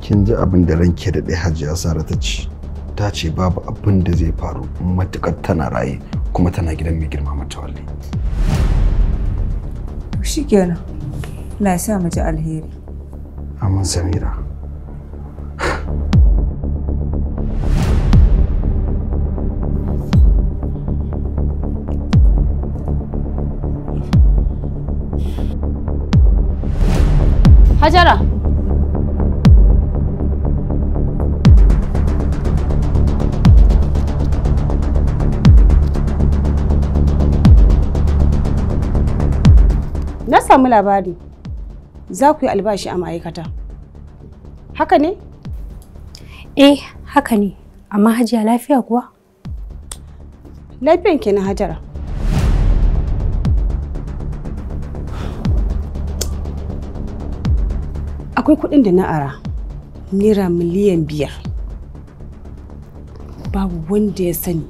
Kin ji abin da ranke da ɗaya hajiya Sara ta ce, ta ce babu abin da zai faru matukar tana raye. kuma tana gidan mai girma matawalli shikenan na sa mu ji alheri amin samira Hajara, samu labari za ku yi albashi a ma'aikata. Haka ne? Eh, haka ne. Amma hajiya lafiya kuwa? Lafiyan kenan hajara. Akwai kuɗin da na ara nira miliyan biyar. Babu wanda ya sani,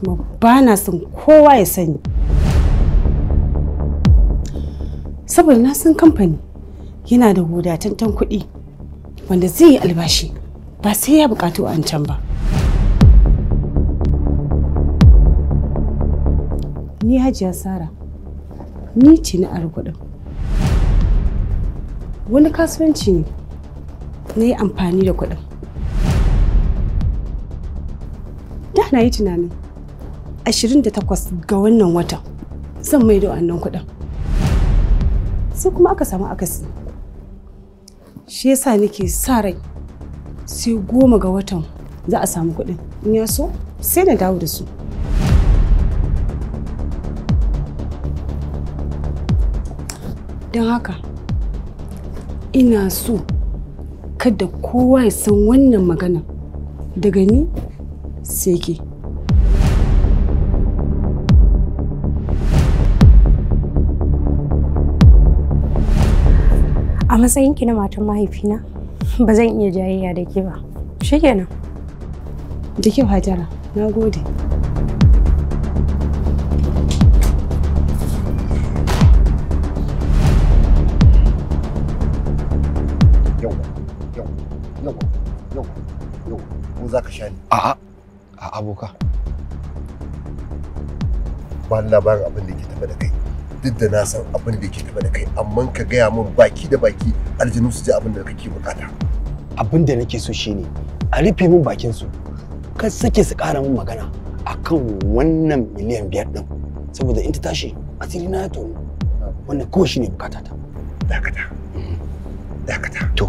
kuma ba na son kowa ya sani. saboda na san kamfani yana da wadatattun kuɗi wanda zai yi albashi ba sai ya buƙatu a can ba ni hajiya sara ni ce na arguɗin wani kasuwanci ne na yi amfani da kuɗin da na yi tunanin 28 ga wannan watan zan maido wannan kuɗin sai kuma aka samu akasi shi yasa nake sa rai sai goma ga watan za a samu kuɗin in ya so sai na dawo da su don haka ina so kada kowa ya san wannan magana daga ni sai ke. a matsayinki na matan mahaifina ba zan iya jayayya da ke ba shikenan da kyau hajara na gode za ka sha ni. A'a, a aboka. Ba labarin abin da ke tafi da kai. duk da na san abin da yake gaba da kai amma ka gaya min baki da baki aljinu su ji abin da kake bukata abin da nake so shine a rufe min bakin su kan sake su kara min magana akan wannan miliyan biyar din saboda in ta tashi asiri na ya wannan kawai shine bukata ta dakata mm. dakata to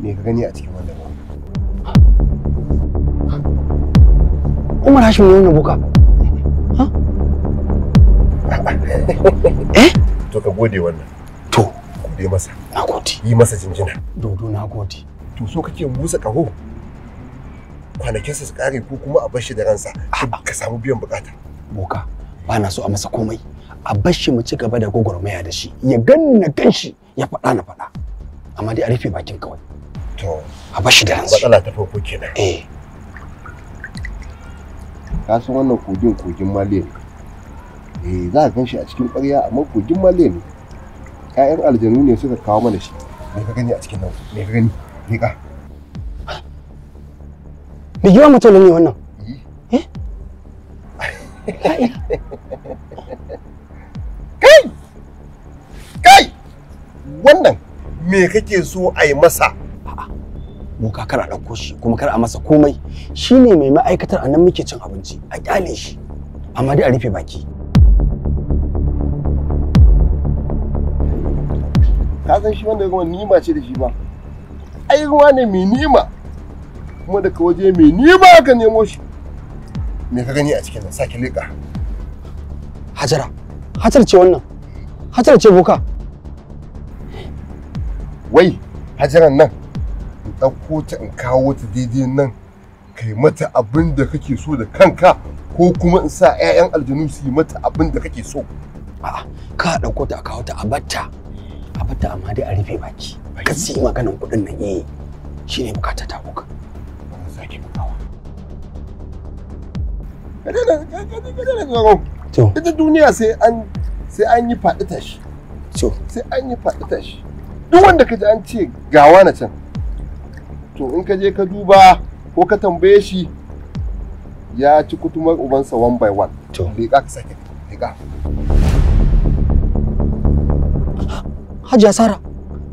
me ka gani a cikin wannan Umar Hashim ne wannan boka. eh to ka gode wannan to gode masa na gode yi masa jinjina dodo na gode to so kake busa kaho kwanakinsa su kare ko kuma a bar shi da ransa ka samu biyan bukata boka ba na so a masa komai a bar shi mu ci gaba da gwagwarmaya da shi ya ganni na gan shi ya faɗa na faɗa amma dai a rufe bakin kawai to a bar shi da ransa matsala ta farko kenan eh ka san wannan kogin kogin maliya eh za ka ganshi a cikin ƙwarya amma kogin malle ne ƴaƴan aljanu ne suka kawo mana shi me ka gani a cikin nan me ka gani me ka me giwa mutum ne wannan eh. Eh? kai kai wannan me kake so a yi masa ka kar a ɗauko shi kuma kar a masa komai shine mai ma'aikatar a nan muke cin abinci a kyale shi amma dai a rufe baki ka san shi wanda kuma nima ce da shi ba ai ruwa ne mai nima kuma daga waje mai nima ka nemo shi me ka gani a cikin nan sake leƙa hajara hajar ce wannan hajar ce boka wai hajaran nan in ɗauko ta in kawo ta daidai nan kai mata abin da kake so da kanka ko kuma in sa 'ya'yan aljanu su yi mata abin da kake so a'a ka ɗauko ta a kawo ta a batta a fata amma dai a rufe baki kasi maganin kuɗin nan eh shine bukatar ta kuka sake bukawa to ita duniya sai an sai an yi faɗi tashi to sai an yi faɗi tashi duk wanda ka ji an ce gawa na can to in ka je ka duba ko ka tambaye shi ya ci kutumar ubansa one by one to bai ka sake bai hajiya sara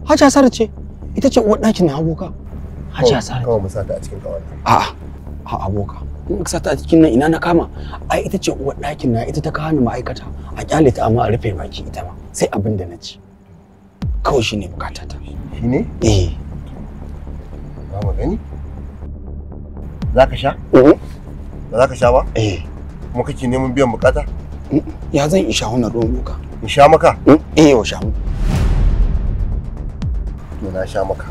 hajiya sara ce ita ce uwar ɗakin na aboka hajiya oh, sara kawai mu sata a cikin kawai a'a a aboka in sata a cikin nan ina na kama ai ita ce uwar ɗakin na ita ta kawo ni ma'aikata a kyale ta amma a rufe baki ita ma sai abin da na ci kawai shine bukata ta shine eh ba mu gani za ka sha? Eh. ba za ka sha ba? eh kuma kake neman biyan bukata? ya zan isha wannan ruwan muka in sha maka? eh yau sha mu to na sha maka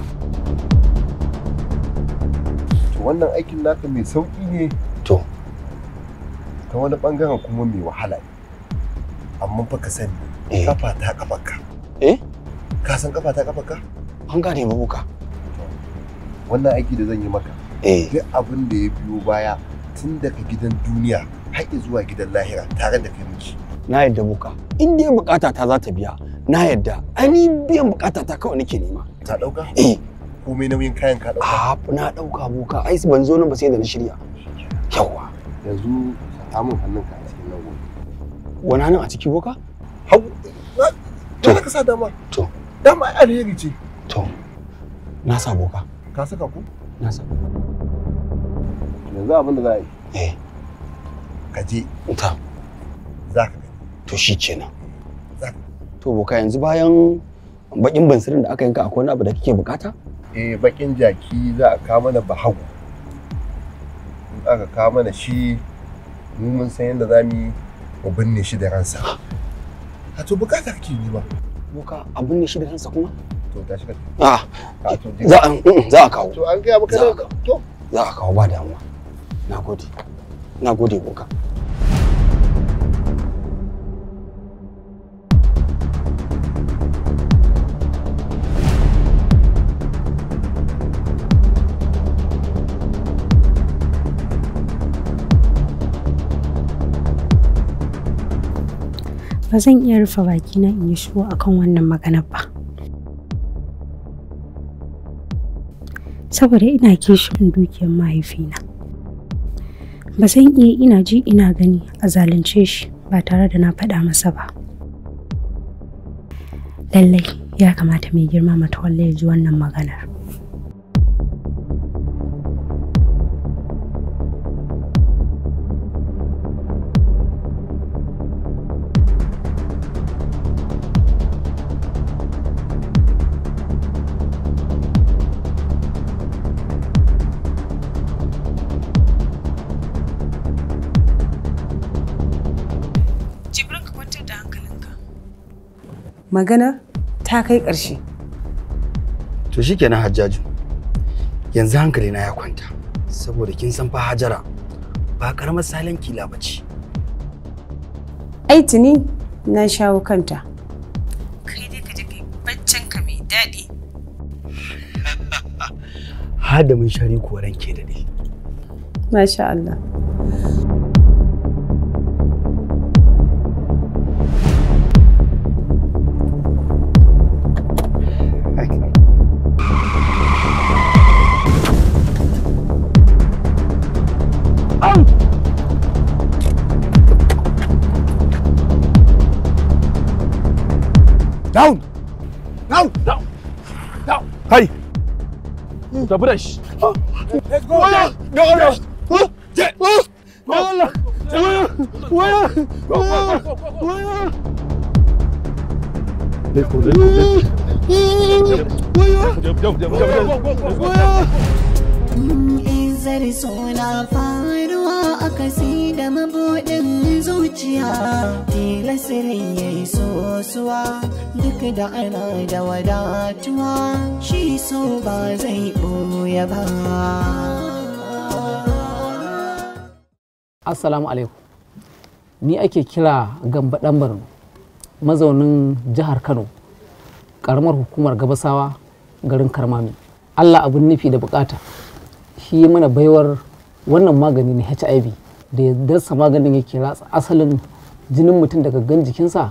to wannan aikin naka mai sauƙi ne to ta wani ɓangaren kuma mai wahala ne amma fa ka sani kafa eh. ta kafarka eh ka san kafa ta kafarka an gane buka wannan aiki da zan yi maka eh. duk abin da ya biyo baya tun daga gidan duniya har zuwa gidan lahira tare da kai miki na yadda buka in dai bukata ta za ta biya na yadda ani biyan bukata ta kawai nake nema ta dauka eh me nauyin kayan ka dauka a ah, na dauka buka ai ban zo nan ba sai da na shirya yawa yanzu ta mun hannun ka a cikin nan wani nan a ciki boka hau to ka sa dama to dama ai alheri ce to na sa boka ka saka ku na sa yanzu abin da za a yi eh ka je ta za ka to shi kenan to boka yanzu bayan bakin bansirin da aka yanka akwai wani abu da kike bukata eh bakin jaki za a kawo mana bahago in aka kawo mana shi mu mun san yadda za mu mu binne shi da ransa a to bukata kake yi ba boka a binne shi da ransa kuma to tashi ka ah za a mm, za a kawo to an ga maka to za a kawo ba damuwa nagode nagode boka ba zan iya rufe bakina in yi shiru akan wannan maganar ba saboda ina kishin dukiyar mahaifina ba zan iya ina ji ina gani a zalunce shi ba tare da na faɗa masa ba lallai ya kamata mai girma mata ya ji wannan maganar Magana ta kai ƙarshe. To shikenan Hajjaju. Yanzu hankali na ya kwanta saboda kin san fa Hajara ba karamar salon kila bace. Ai na shawo kanta. Kai dai ka je kai baccin ka mai daɗi. Hada mun shari kuwa ranke daɗi. Masha Allah. Não! Não! Não! Não! Kai! Tafi da shi! Let's go! Let's ah! ah! go! Let's go! Allah! Waya! Waya! Waya! Deko, deko, deko. Waya! Waya! Is there is so akasi da mabuɗin zuciya tilasirin ya yi sosuwa duk da ana da wadatuwa shi so ba zai ɓoye ba assalamu alaikum ni ake kira gamba ɗan mazaunin jihar kano ƙaramar hukumar gabasawa garin karmami allah abin nufi da bukata shi mana baiwar wannan magani na hiv da ya dasa maganin yake ratsa asalin jinin mutum daga gan jikinsa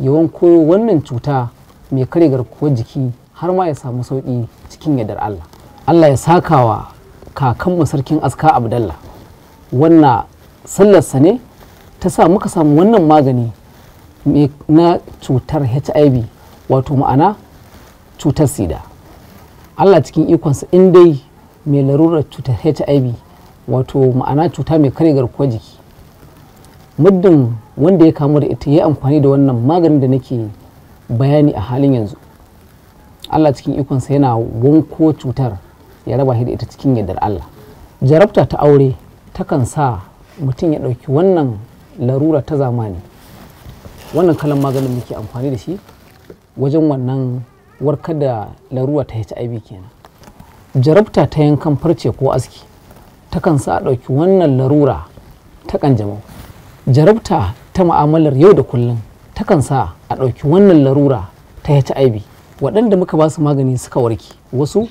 yawan koyo wannan cuta mai kare garkuwar jiki har ma ya samu sauki cikin yadar allah allah ya sakawa kakanmu sarkin aska abdallah wannan sallarsa ne ta sa muka samu wannan magani na cutar hiv wato ma'ana cutar sida allah cikin ikonsa in dai mai larurar cutar hiv wato ma'ana cuta mai kare garkuwar jiki muddin wanda ya kamu da ita ya amfani da wannan maganin da nake bayani a halin yanzu allah cikin ikonsa yana wanko cutar ya raba shi da ita cikin yadda allah jarabta ta aure takan sa mutum ya ɗauki wannan larura ta zamani wannan kalan maganin muke amfani da shi wajen wannan warkar da larura ta hiv kenan jarabta ta yankan farce ko aski takan sa a ɗauki wannan larura ta kanjamau jarabta ta ma'amalar yau da kullum takan sa a ɗauki wannan larura ta hiv waɗanda muka ba su magani suka warke wasu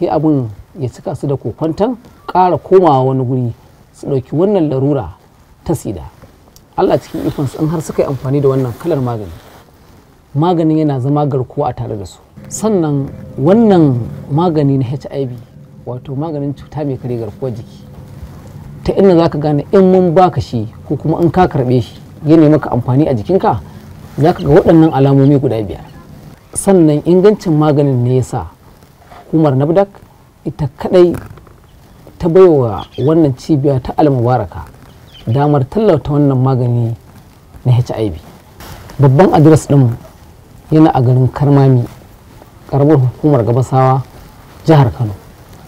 he abin ya cika su da kokwantan ƙara komawa wani guri su ɗauki wannan larura ta sida allah cikin ifansu in har suka yi amfani da wannan kalar magani maganin yana zama garkuwa a tare da su sannan wannan magani na hiv wato maganin cuta mai kare garkuwar jiki ta inda za ka gane in mun baka shi ko kuma in ka karɓe shi ya maka amfani a jikinka za ka ga waɗannan alamomi guda biyar sannan ingancin maganin ne yasa hukumar nabdak ita kadai ta baiwa wannan cibiya ta almubaraka damar tallata wannan magani na hiv babban adres ɗin yana a garin karmami karamar hukumar gabasawa jihar kano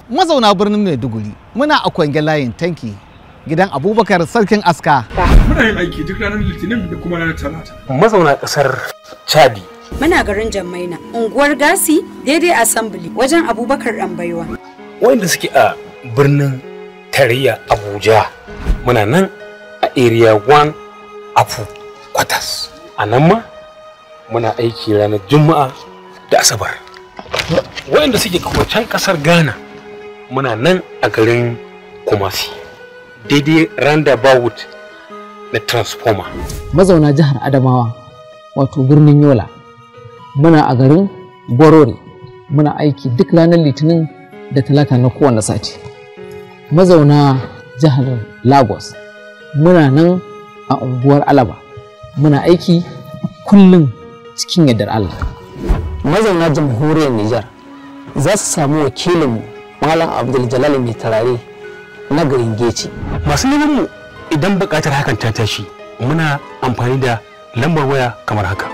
mazauna birnin maiduguri muna a kwange layin tanki gidan abubakar sarkin aska muna yin aiki duk ranar litinin da kuma ranar talata mazauna kasar chadi muna garin jammaina unguwar gasi daidai assembly wajen abubakar baiwa. wanda suke a birnin tarayya abuja muna nan a area 1 afu kwatas a nan ma muna aiki ranar juma'a da asabar wanda suke kuma can kasar ghana muna nan a garin kumasi daidai roundabout na transformer mazauna jihar adamawa wato birnin yola muna a garin gwarore muna aiki duk ranar litinin da talata na kowane sati mazauna jihar lagos muna nan a unguwar alaba muna aiki kullum cikin yardar allah mazauna jamhuriyar nijar za su samu wakilinmu malam abdul jalal mai tarare na garin geci masu neman mu idan buƙatar hakan ta tashi muna amfani da lambar waya kamar haka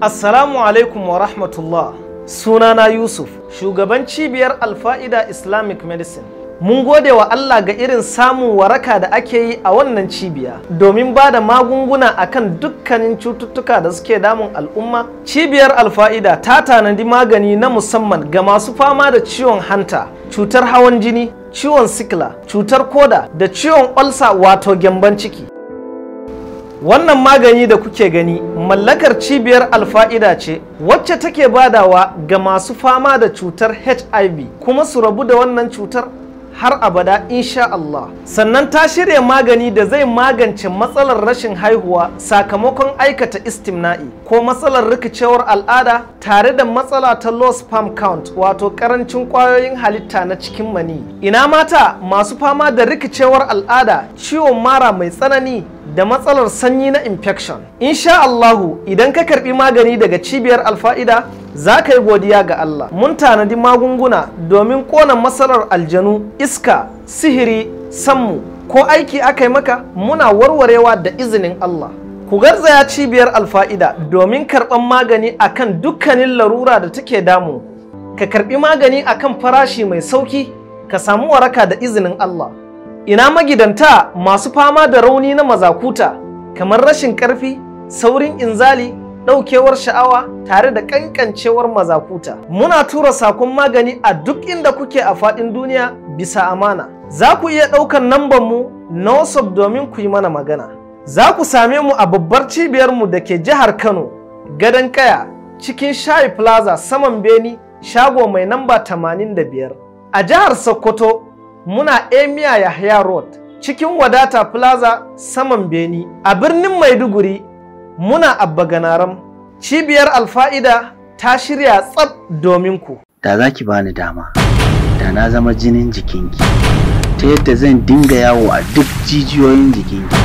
assalamu alaikum wa rahmatullah sunana yusuf shugaban cibiyar alfa'ida islamic medicine mun gode wa Allah ga irin samun waraka da ake yi a wannan cibiya domin ba da magunguna a kan dukkanin cututtuka da suke damun al'umma cibiyar alfa'ida ta tanadi magani na musamman ga masu fama da ciwon hanta cutar hawan jini ciwon sikila cutar koda da ciwon olsa wato gyamban ciki wannan magani da kuke gani mallakar cibiyar alfa'ida ce wacce take badawa ga masu fama da cutar hiv kuma su rabu da wannan cutar har abada insha Allah sannan ta shirya magani da zai magance matsalar rashin haihuwa sakamakon aikata istimna'i ko matsalar rikicewar al'ada tare da matsala ta low sperm count wato karancin kwayoyin halitta na cikin mani ina mata masu fama da rikicewar al'ada ciwon mara mai tsanani da matsalar sanyi na infection insha Allahu idan ka karbi magani daga cibiyar alfa'ida za ka yi godiya ga Allah mun tanadi magunguna domin kona matsalar aljanu iska sihiri sammu ko aiki aka yi maka muna warwarewa da izinin Allah ku garzaya cibiyar alfa'ida domin karɓan magani akan dukkanin larura da take damu ka karɓi magani akan farashi mai sauki ka samu waraka da izinin Allah ina magidanta masu fama da rauni na mazakuta kamar rashin ƙarfi saurin inzali ɗaukewar sha'awa tare da ƙanƙancewar mazakuta muna tura sakon magani a duk inda kuke a faɗin duniya bisa amana za ku iya ɗaukar nambanmu na whatsapp domin ku yi mana magana za ku same mu a babbar cibiyarmu da ke jihar kano gadon kaya cikin shayi plaza saman beni shago mai namba 85 a jihar sokoto muna emia yahya road cikin wadata plaza saman beni a birnin maiduguri muna abba ganaram cibiyar alfa'ida ta shirya tsab domin ku da za ki bani dama da na zama jinin jikinki ta yadda zan dinga yawo a duk jijiyoyin jikinki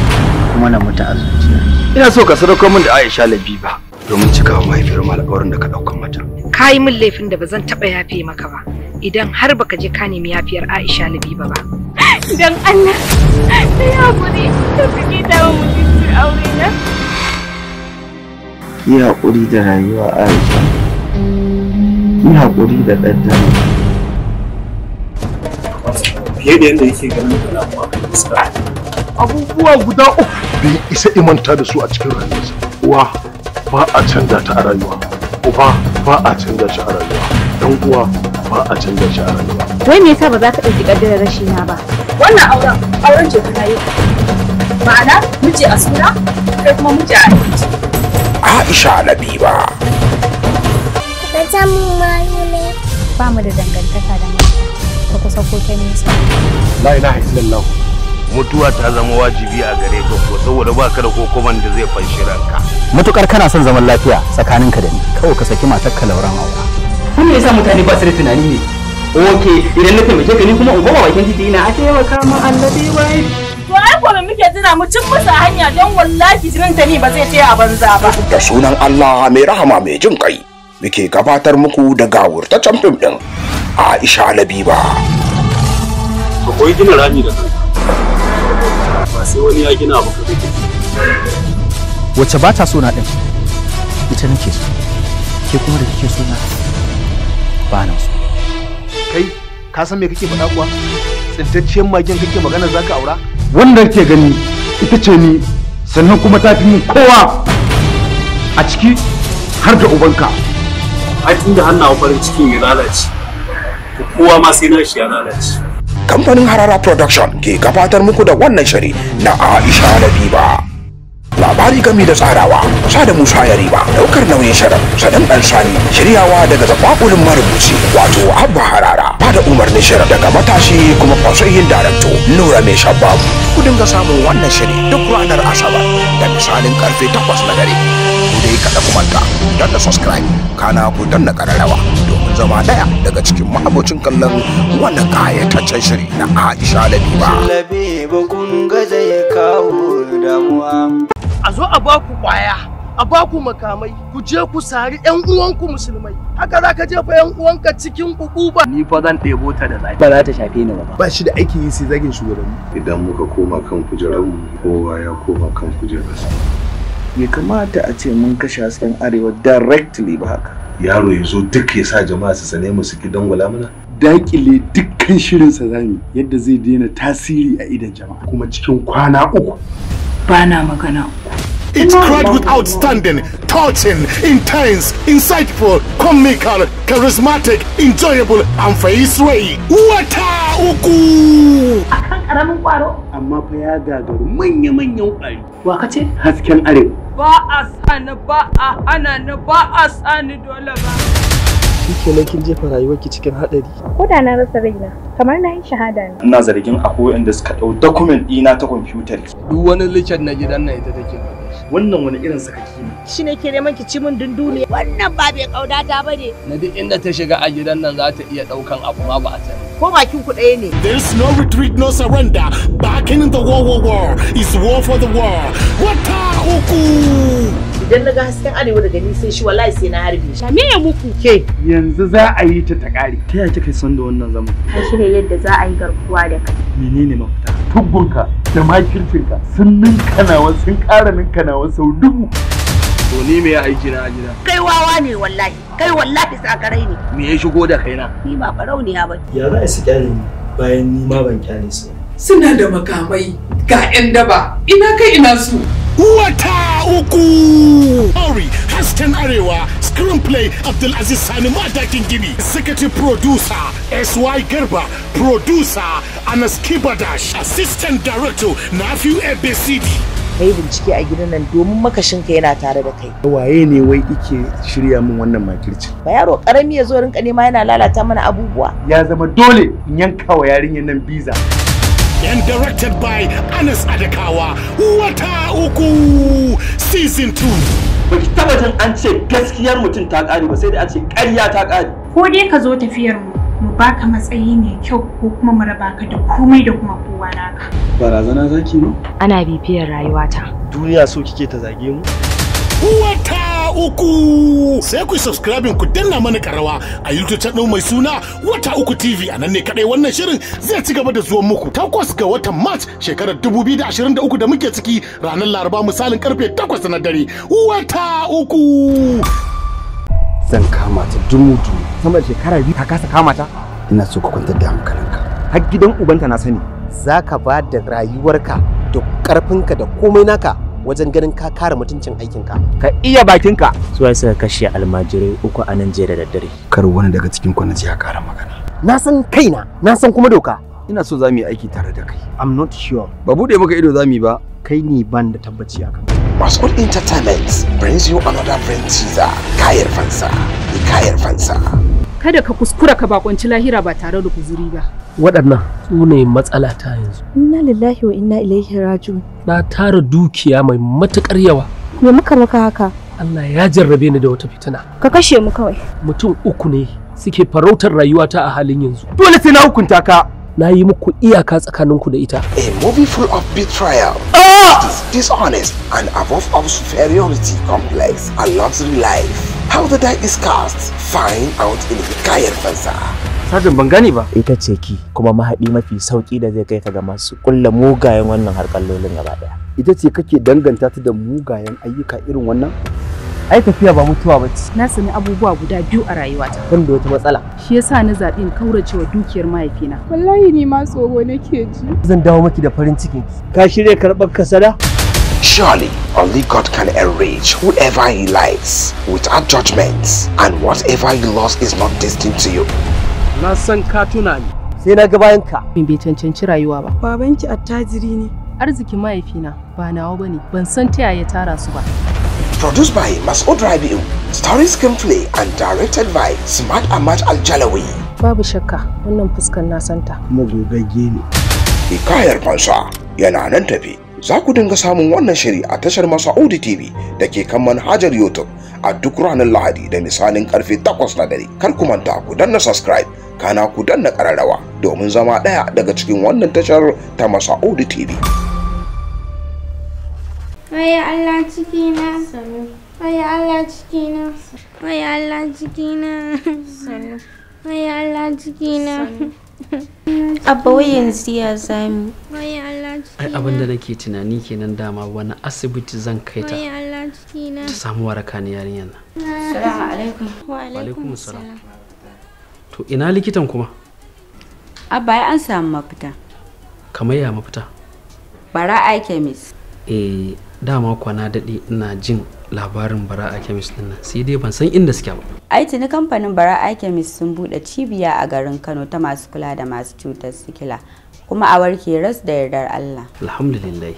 kuma na mutu a zuciya ina so ka sadaukar min da aisha labiba domin cikawa mahaifiyar alƙawarin da ka ɗaukar mata ka yi min laifin da ba zan taɓa yafe maka ba idan har baka je ka nemi yafiyar Aisha Labiba ba. Idan Allah ta yi haƙuri ta suke dawo mutuncin aure na. Ki haƙuri da rayuwa Aisha. Ki haƙuri da ɗaddare. Fiye da yadda yake ganin da kuma kan iska. Abubuwa guda uku bai isa imanta da su a cikin rayuwarsa. Uwa ba a canza ta a rayuwa. Uba ba a canza shi a rayuwa. Dan uwa ba a canza shi a rayuwa. Wai me yasa ba za ka ɗauki ƙaddarar rashi na ba? Wannan auren auren ce kuna yi. Ma'ana miji a suna kai kuma miji a aiki. Aisha Labiba. Ba ta mu ne. Ba mu da dangantaka da mata. Ka kusa ko ta nisa. La ilaha illallah. mutuwa ta zama wajibi a gare ka ko saboda ka da kokoman da zai fanshi ranka matukar kana son zaman lafiya tsakaninka da ni kawai ka saki matar ka lauran aura ko me yasa mutane ba su da tunani ne oke idan na taimake ka ni kuma in goma bakin titi ina a taimaka ma Allah dai wai to ai ko me muke jira mu cin musu hanya don wallahi jinin ta ni ba zai taya a banza ba da sunan Allah mai rahama mai jin kai muke gabatar muku da gawur ta champion din Aisha Labiba akwai gina rami da ba sai wani ya gina ba wacce ba ta so na din ita nake so ke kuma da kike so na bana su. kai ka san me kake faɗa kuwa tsintacciyar magen kake magana ka aura wanda ke gani ita ce ni sannan kuma ta fi kowa a ciki har da ubanka ai inda hannawa farin cikin ya lalace kowa ma sai na shi ya lalace kamfanin harara production ke gabatar muku da wannan shari na aisha biba. labari game da tsarawa sa da musa ya riba daukar nauyin shirin sanin dan sani shiryawa daga zabakulin marubuci wato abba harara ba da umarnin shirin daga matashi kuma fasahin darakto nura mai shababu ku dinga samun wannan shiri duk ranar asabar da misalin karfe takwas na dare ku dai kada ku don da subscribe kana ku na kararrawa domin zama daya daga cikin ma'abocin kallon wannan kayataccen shiri na aisha labiba labiba kun ya kawo damuwa a zo a ba ku kwaya a ba ku makamai ku je ku sari yan uwanku musulmai haka za ka jefa yan uwanka cikin ba. ni fa zan ɗebo ta da zafi ba za ta shafe ni ba ba shi da aikin yi sai zagin shugabanni idan muka koma kan kujerar mu kowa ya koma kan kujerar sa ya kamata a ce mun kashe su hasken arewa directly ba haka yaro ya zo duk ya sa jama'a su sane mu suke dangwala mana dakile dukkan shirin sa zamu yadda zai daina tasiri a idan jama'a kuma cikin kwana uku bana magana It's cried with outstanding, touching, intense, insightful, comical, charismatic, enjoyable, and for his way. What a uku! Akan kan ƙaramin Amma fa ya gagaru manya-manyan ƙwari. Wa ka ce? Hasken arewa. Ba a sani, ba a hana ni, ba a sani dole ba. shikenan kenan kin jefa rayuwarki cikin haɗari. Ko da na rasa raina, kamar na yi shahada ne. Ina zargin akwai wanda suka dau document ɗina ta kwamfutar. Duk wani lichar na gidan nan ita take Wannan wani irin sakaki ne. Shi ne ke neman ki ci min dunduniya. Wannan ba bai ƙaudata ba ne. Na duk inda ta shiga a gidan nan za ta iya ɗaukan abu ma ba a Ko bakin ku ɗaya ne. There is no retreat no surrender. Back in the war war war is war for the war. Wata uku. idan na ga hasken arewa daga ni sai shi wallahi sai na harbe shi me ya muku ke yanzu za a yi ta ta kare ta yaya kika san da wannan zaman ka shirye yadda za a yi garkuwa da kai menene mafita tubunka da makircinka sun ninkanawa sun ƙara ninkanawa sau dubu To ni me ya aiki na gida? Kai wawa ne wallahi, kai wallahi sakarai ne. Me ya shigo da kaina? Ni ba farauniya ba. Ya za a su kyale ni bayan ni ma ban kyale su. Suna da makamai ga 'yan daba, ina kai ina su. wata uku Auri Hasken Arewa Screenplay Abdulaziz Sani Madakin Gini Executive Producer S.Y. Garba Producer Anas Kibadash Assistant Director Nafiu ABCD ka yi bincike a gidan nan domin makashinka yana tare da kai. Waye ne wai ike shirya min wannan makirci? Ba yaro karami ya zo rinka nema yana lalata mana abubuwa. Ya zama dole in yanka wa yarinyar nan biza. and directed by Anas Adakawa. Wata uku season two" Baki tabbatar an ce gaskiyar mutum ta ƙare ba sai dai an ce ƙarya ta ƙare. Ko dai ka zo tafiyar mu mu baka matsayi mai kyau ko kuma mu raba ka da komai da kuma kowa naka. Barazana zaki mu? Ana bibiyar rayuwata. Duniya so kike ta zage mu? Wata uku sai ku subscribe ku danna mana karawa a YouTube channel mai suna wata uku TV a nan ne kadai wannan shirin zai ci gaba da zuwan muku takwas ga watan March shekarar 2023 da muke ciki ranar Laraba misalin karfe 8 na dare wata uku zan kama ta dumudu dumu sama da shekarar biyu ka kasa kama ta ina so ka kwantar da hankalinka har gidan ubanta na sani zaka ba da rayuwarka da karfinka da komai naka wajen ganin ka kare mutuncin aikinka ka iya bakinka su wai suka kashe almajirai uku a nan jiya da daddare kar wani daga cikin ku na ji ya kara magana na san kaina na san kuma doka ina so zamu yi aiki tare da kai i'm not sure ba bude maka ido zamu mu yi ba kai ni ban da tabbaci akan Mascot Entertainment brings you another brand teaser, Kayar Fansa, Kayar Fansa. kada ka kuskura ka bakonci lahira ba tare da kuzuri ba waɗannan su ne matsala ta yanzu inna lillahi wa inna ilaihi raju. na tara dukiya mai matukar yawa me muka raka haka Allah ya jarrabe ni da wata fitina ka kashe mu kawai mutum uku ne suke farautar rayuwata a halin yanzu dole sai na hukunta ka na yi muku iyaka tsakaninku da ita. A movie full of betrayal, ah! dishonest and above all superiority complex, a luxury life. how the die is cast find out in fansa. sajin ban gane ba ita ce ki kuma mahaɗi mafi sauƙi da zai kai ka ga masu ƙulla mugayen wannan harkar lolin gaba ɗaya ita ce kake danganta ta da mugayen ayyuka irin wannan ai tafiya ba mutuwa ba ce na sani abubuwa guda biyu a rayuwata ban da wata matsala shi yasa na zaɓi in kaurace wa dukiyar mahaifina wallahi ni ma tsoro nake ji zan dawo maki da farin cikin ka shirya karɓar kasada Surely, only God can arrange whoever he likes without judgment and whatever you lost is not destined to you. Na san Sai na ga bayan ka. Bin bai cancanci rayuwa ba. Babanki attajiri ne. Arzikin mahaifina ba nawa bane. Ban san taya ya tara su ba. Produced by Masoud Rabi'u. Story screenplay and directed by Smart Ahmad al Babu shakka wannan fuskar na santa. Kuma gogage ne. Hikayar fansa yana nan tafi. za ku dinga samun wannan shiri a tashar Masaudi TV da ke kan manhajar YouTube a duk ranar Lahadi da misalin karfe 8 na dare. Kar ku manta ku danna subscribe kana ku danna kararrawa domin zama ɗaya daga cikin wannan tashar ta Masaudi TV. Waya Allah cikina. Waya Allah Allah Allah abba wai yanzu ya zami ai abin da nake tunani kenan dama wani asibiti zan kai ta ta samu waraka ne yarinyar nan salamu alaikum wa alaikum salam to ina likitan kuma abba ya an samu mafita kamar ya mafita bara ai kemis eh dama kwana daɗe ina jin labarin bara kemis din nan sai dai ban san inda suke ba ai tuni kamfanin bara kemis sun buɗe cibiya a garin kano ta masu kula da masu cutar sikila kuma a warke ras da yardar allah alhamdulillah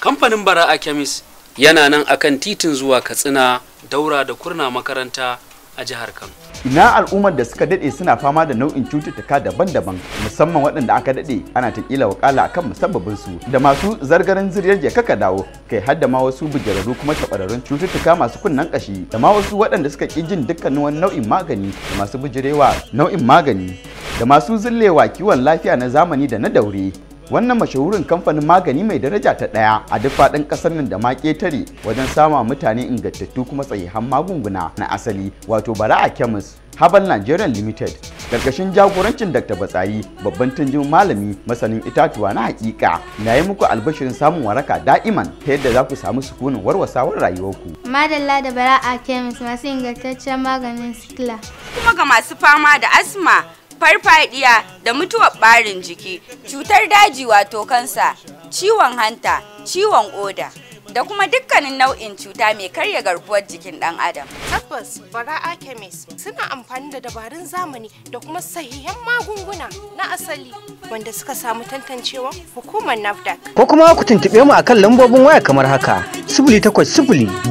kamfanin bara kemis yana nan akan titin zuwa katsina daura da kurna makaranta a jihar Kano. Ina al'ummar da suka dade suna fama da nau'in cututtuka daban-daban musamman waɗanda aka dade ana ta kila wakala akan musabbabin su da masu zargarin ziryar jaka ka dawo kai har da ma wasu bujirarru kuma tabararrun cututtuka masu kunnan kashi da ma wasu waɗanda suka ki jin dukkanin wani nau'in magani da masu bujirewa nau'in magani da masu zillewa kiwon lafiya na zamani da na daure wannan mashahurin kamfanin magani mai daraja ta ɗaya a duk faɗin ƙasar nan da ma ƙetare wajen sama mutane ingantattu kuma tsayihan magunguna na asali wato bara'a chemist habal nigerian limited karkashin jagorancin dr batsayi babban tunjin malami masanin itatuwa na hakika na yi muku albashirin samun waraka da'iman ta yadda za ku samu sukunin warwasawar rayuwarku madalla da bara'a chemist masu ingantaccen maganin sikila kuma ga masu fama da asma farfadiya da mutuwar ɓarin jiki cutar daji wato kansa ciwon hanta ciwon oda da kuma dukkanin nau'in cuta mai karya garkuwar jikin ɗan adam. Tabbas Bara'a Chemist suna amfani da dabarun zamani da kuma sahihan magunguna na asali wanda suka samu tantancewa hukumar NAFDAC. Ko kuma ku tuntuɓe mu akan lambobin waya kamar haka. Sifili takwas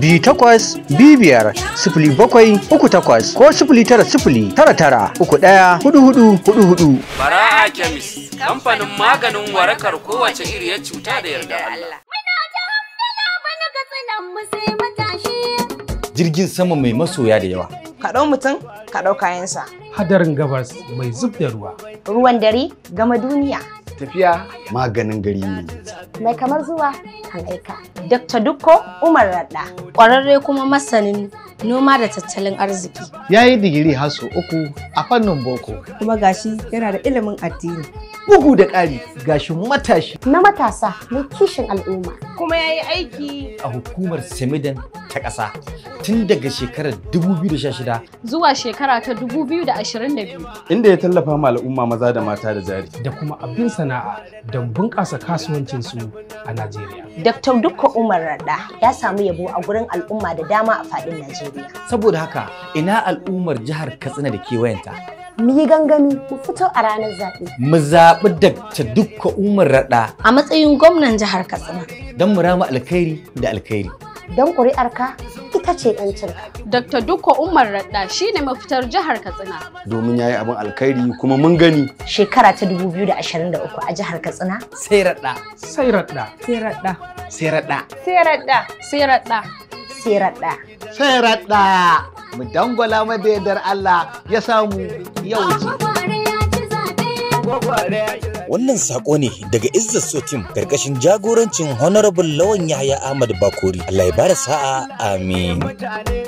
biyu takwas biyu biyar bakwai uku takwas ko sifili tara tara tara uku ɗaya hudu hudu hudu hudu. Chemist kamfanin maganin warakar kowace iriyar cuta da yarda Allah. Jirgin sama mai masoya da yawa ka ɗau mutum ka ɗau kayansa. Hadarin gabas mai zub da ruwa. Ruwan dare gama duniya. Tafiya maganin gari ne. Mai kamar zuwa kan aika. Dr. Dukko Umar Radda. Ƙwararre kuma masanin noma da tattalin arziki. Ya yi digiri haso uku a fannin boko. Kuma gashi yana da ilimin addini. Bugu da ƙari gashi matashi. Na matasa na kishin al'umma. Kuma ya yi aiki a hukumar Semidan ta ƙasa tun daga shekarar 2016 zuwa shekara ta biyu. inda ya tallafa ma al'umma maza da mata da jari da kuma abin sana'a don bunƙasa kasuwancinsu a Najeriya. Dr. Dukka Umar Radda ya samu yabo a gurin al'umma da dama a faɗin Najeriya. Saboda haka ina al'ummar jihar Katsina da kewayenta mu yi gangami mu fito a ranar zaɓe. Mu zaɓi Dakta Dukka Umar Radda. A matsayin gwamnan jihar Katsina. Don mu rama alkhairi da alkhairi. don ƙuri'arka ita ce ƴancinka. Dr. Dukko Umar Radda shi ne mafitar jihar Katsina. Domin ya yi abin alkhairi kuma mun gani. Shekara ta 2023 a jihar Katsina. Sai Radda. Sai Radda. Sai Radda. Sai Radda. Sai Radda. Sai Radda. Sai Radda. Sai Radda. Mu dangwala madadar Allah ya samu yau ji. Gwagware ya ci zaɓe. Wannan sako ne daga Izzat Sotim karkashin jagorancin Honorable Lawan Yahaya Ahmad Bakori. Allah ya bada sa'a. Amin.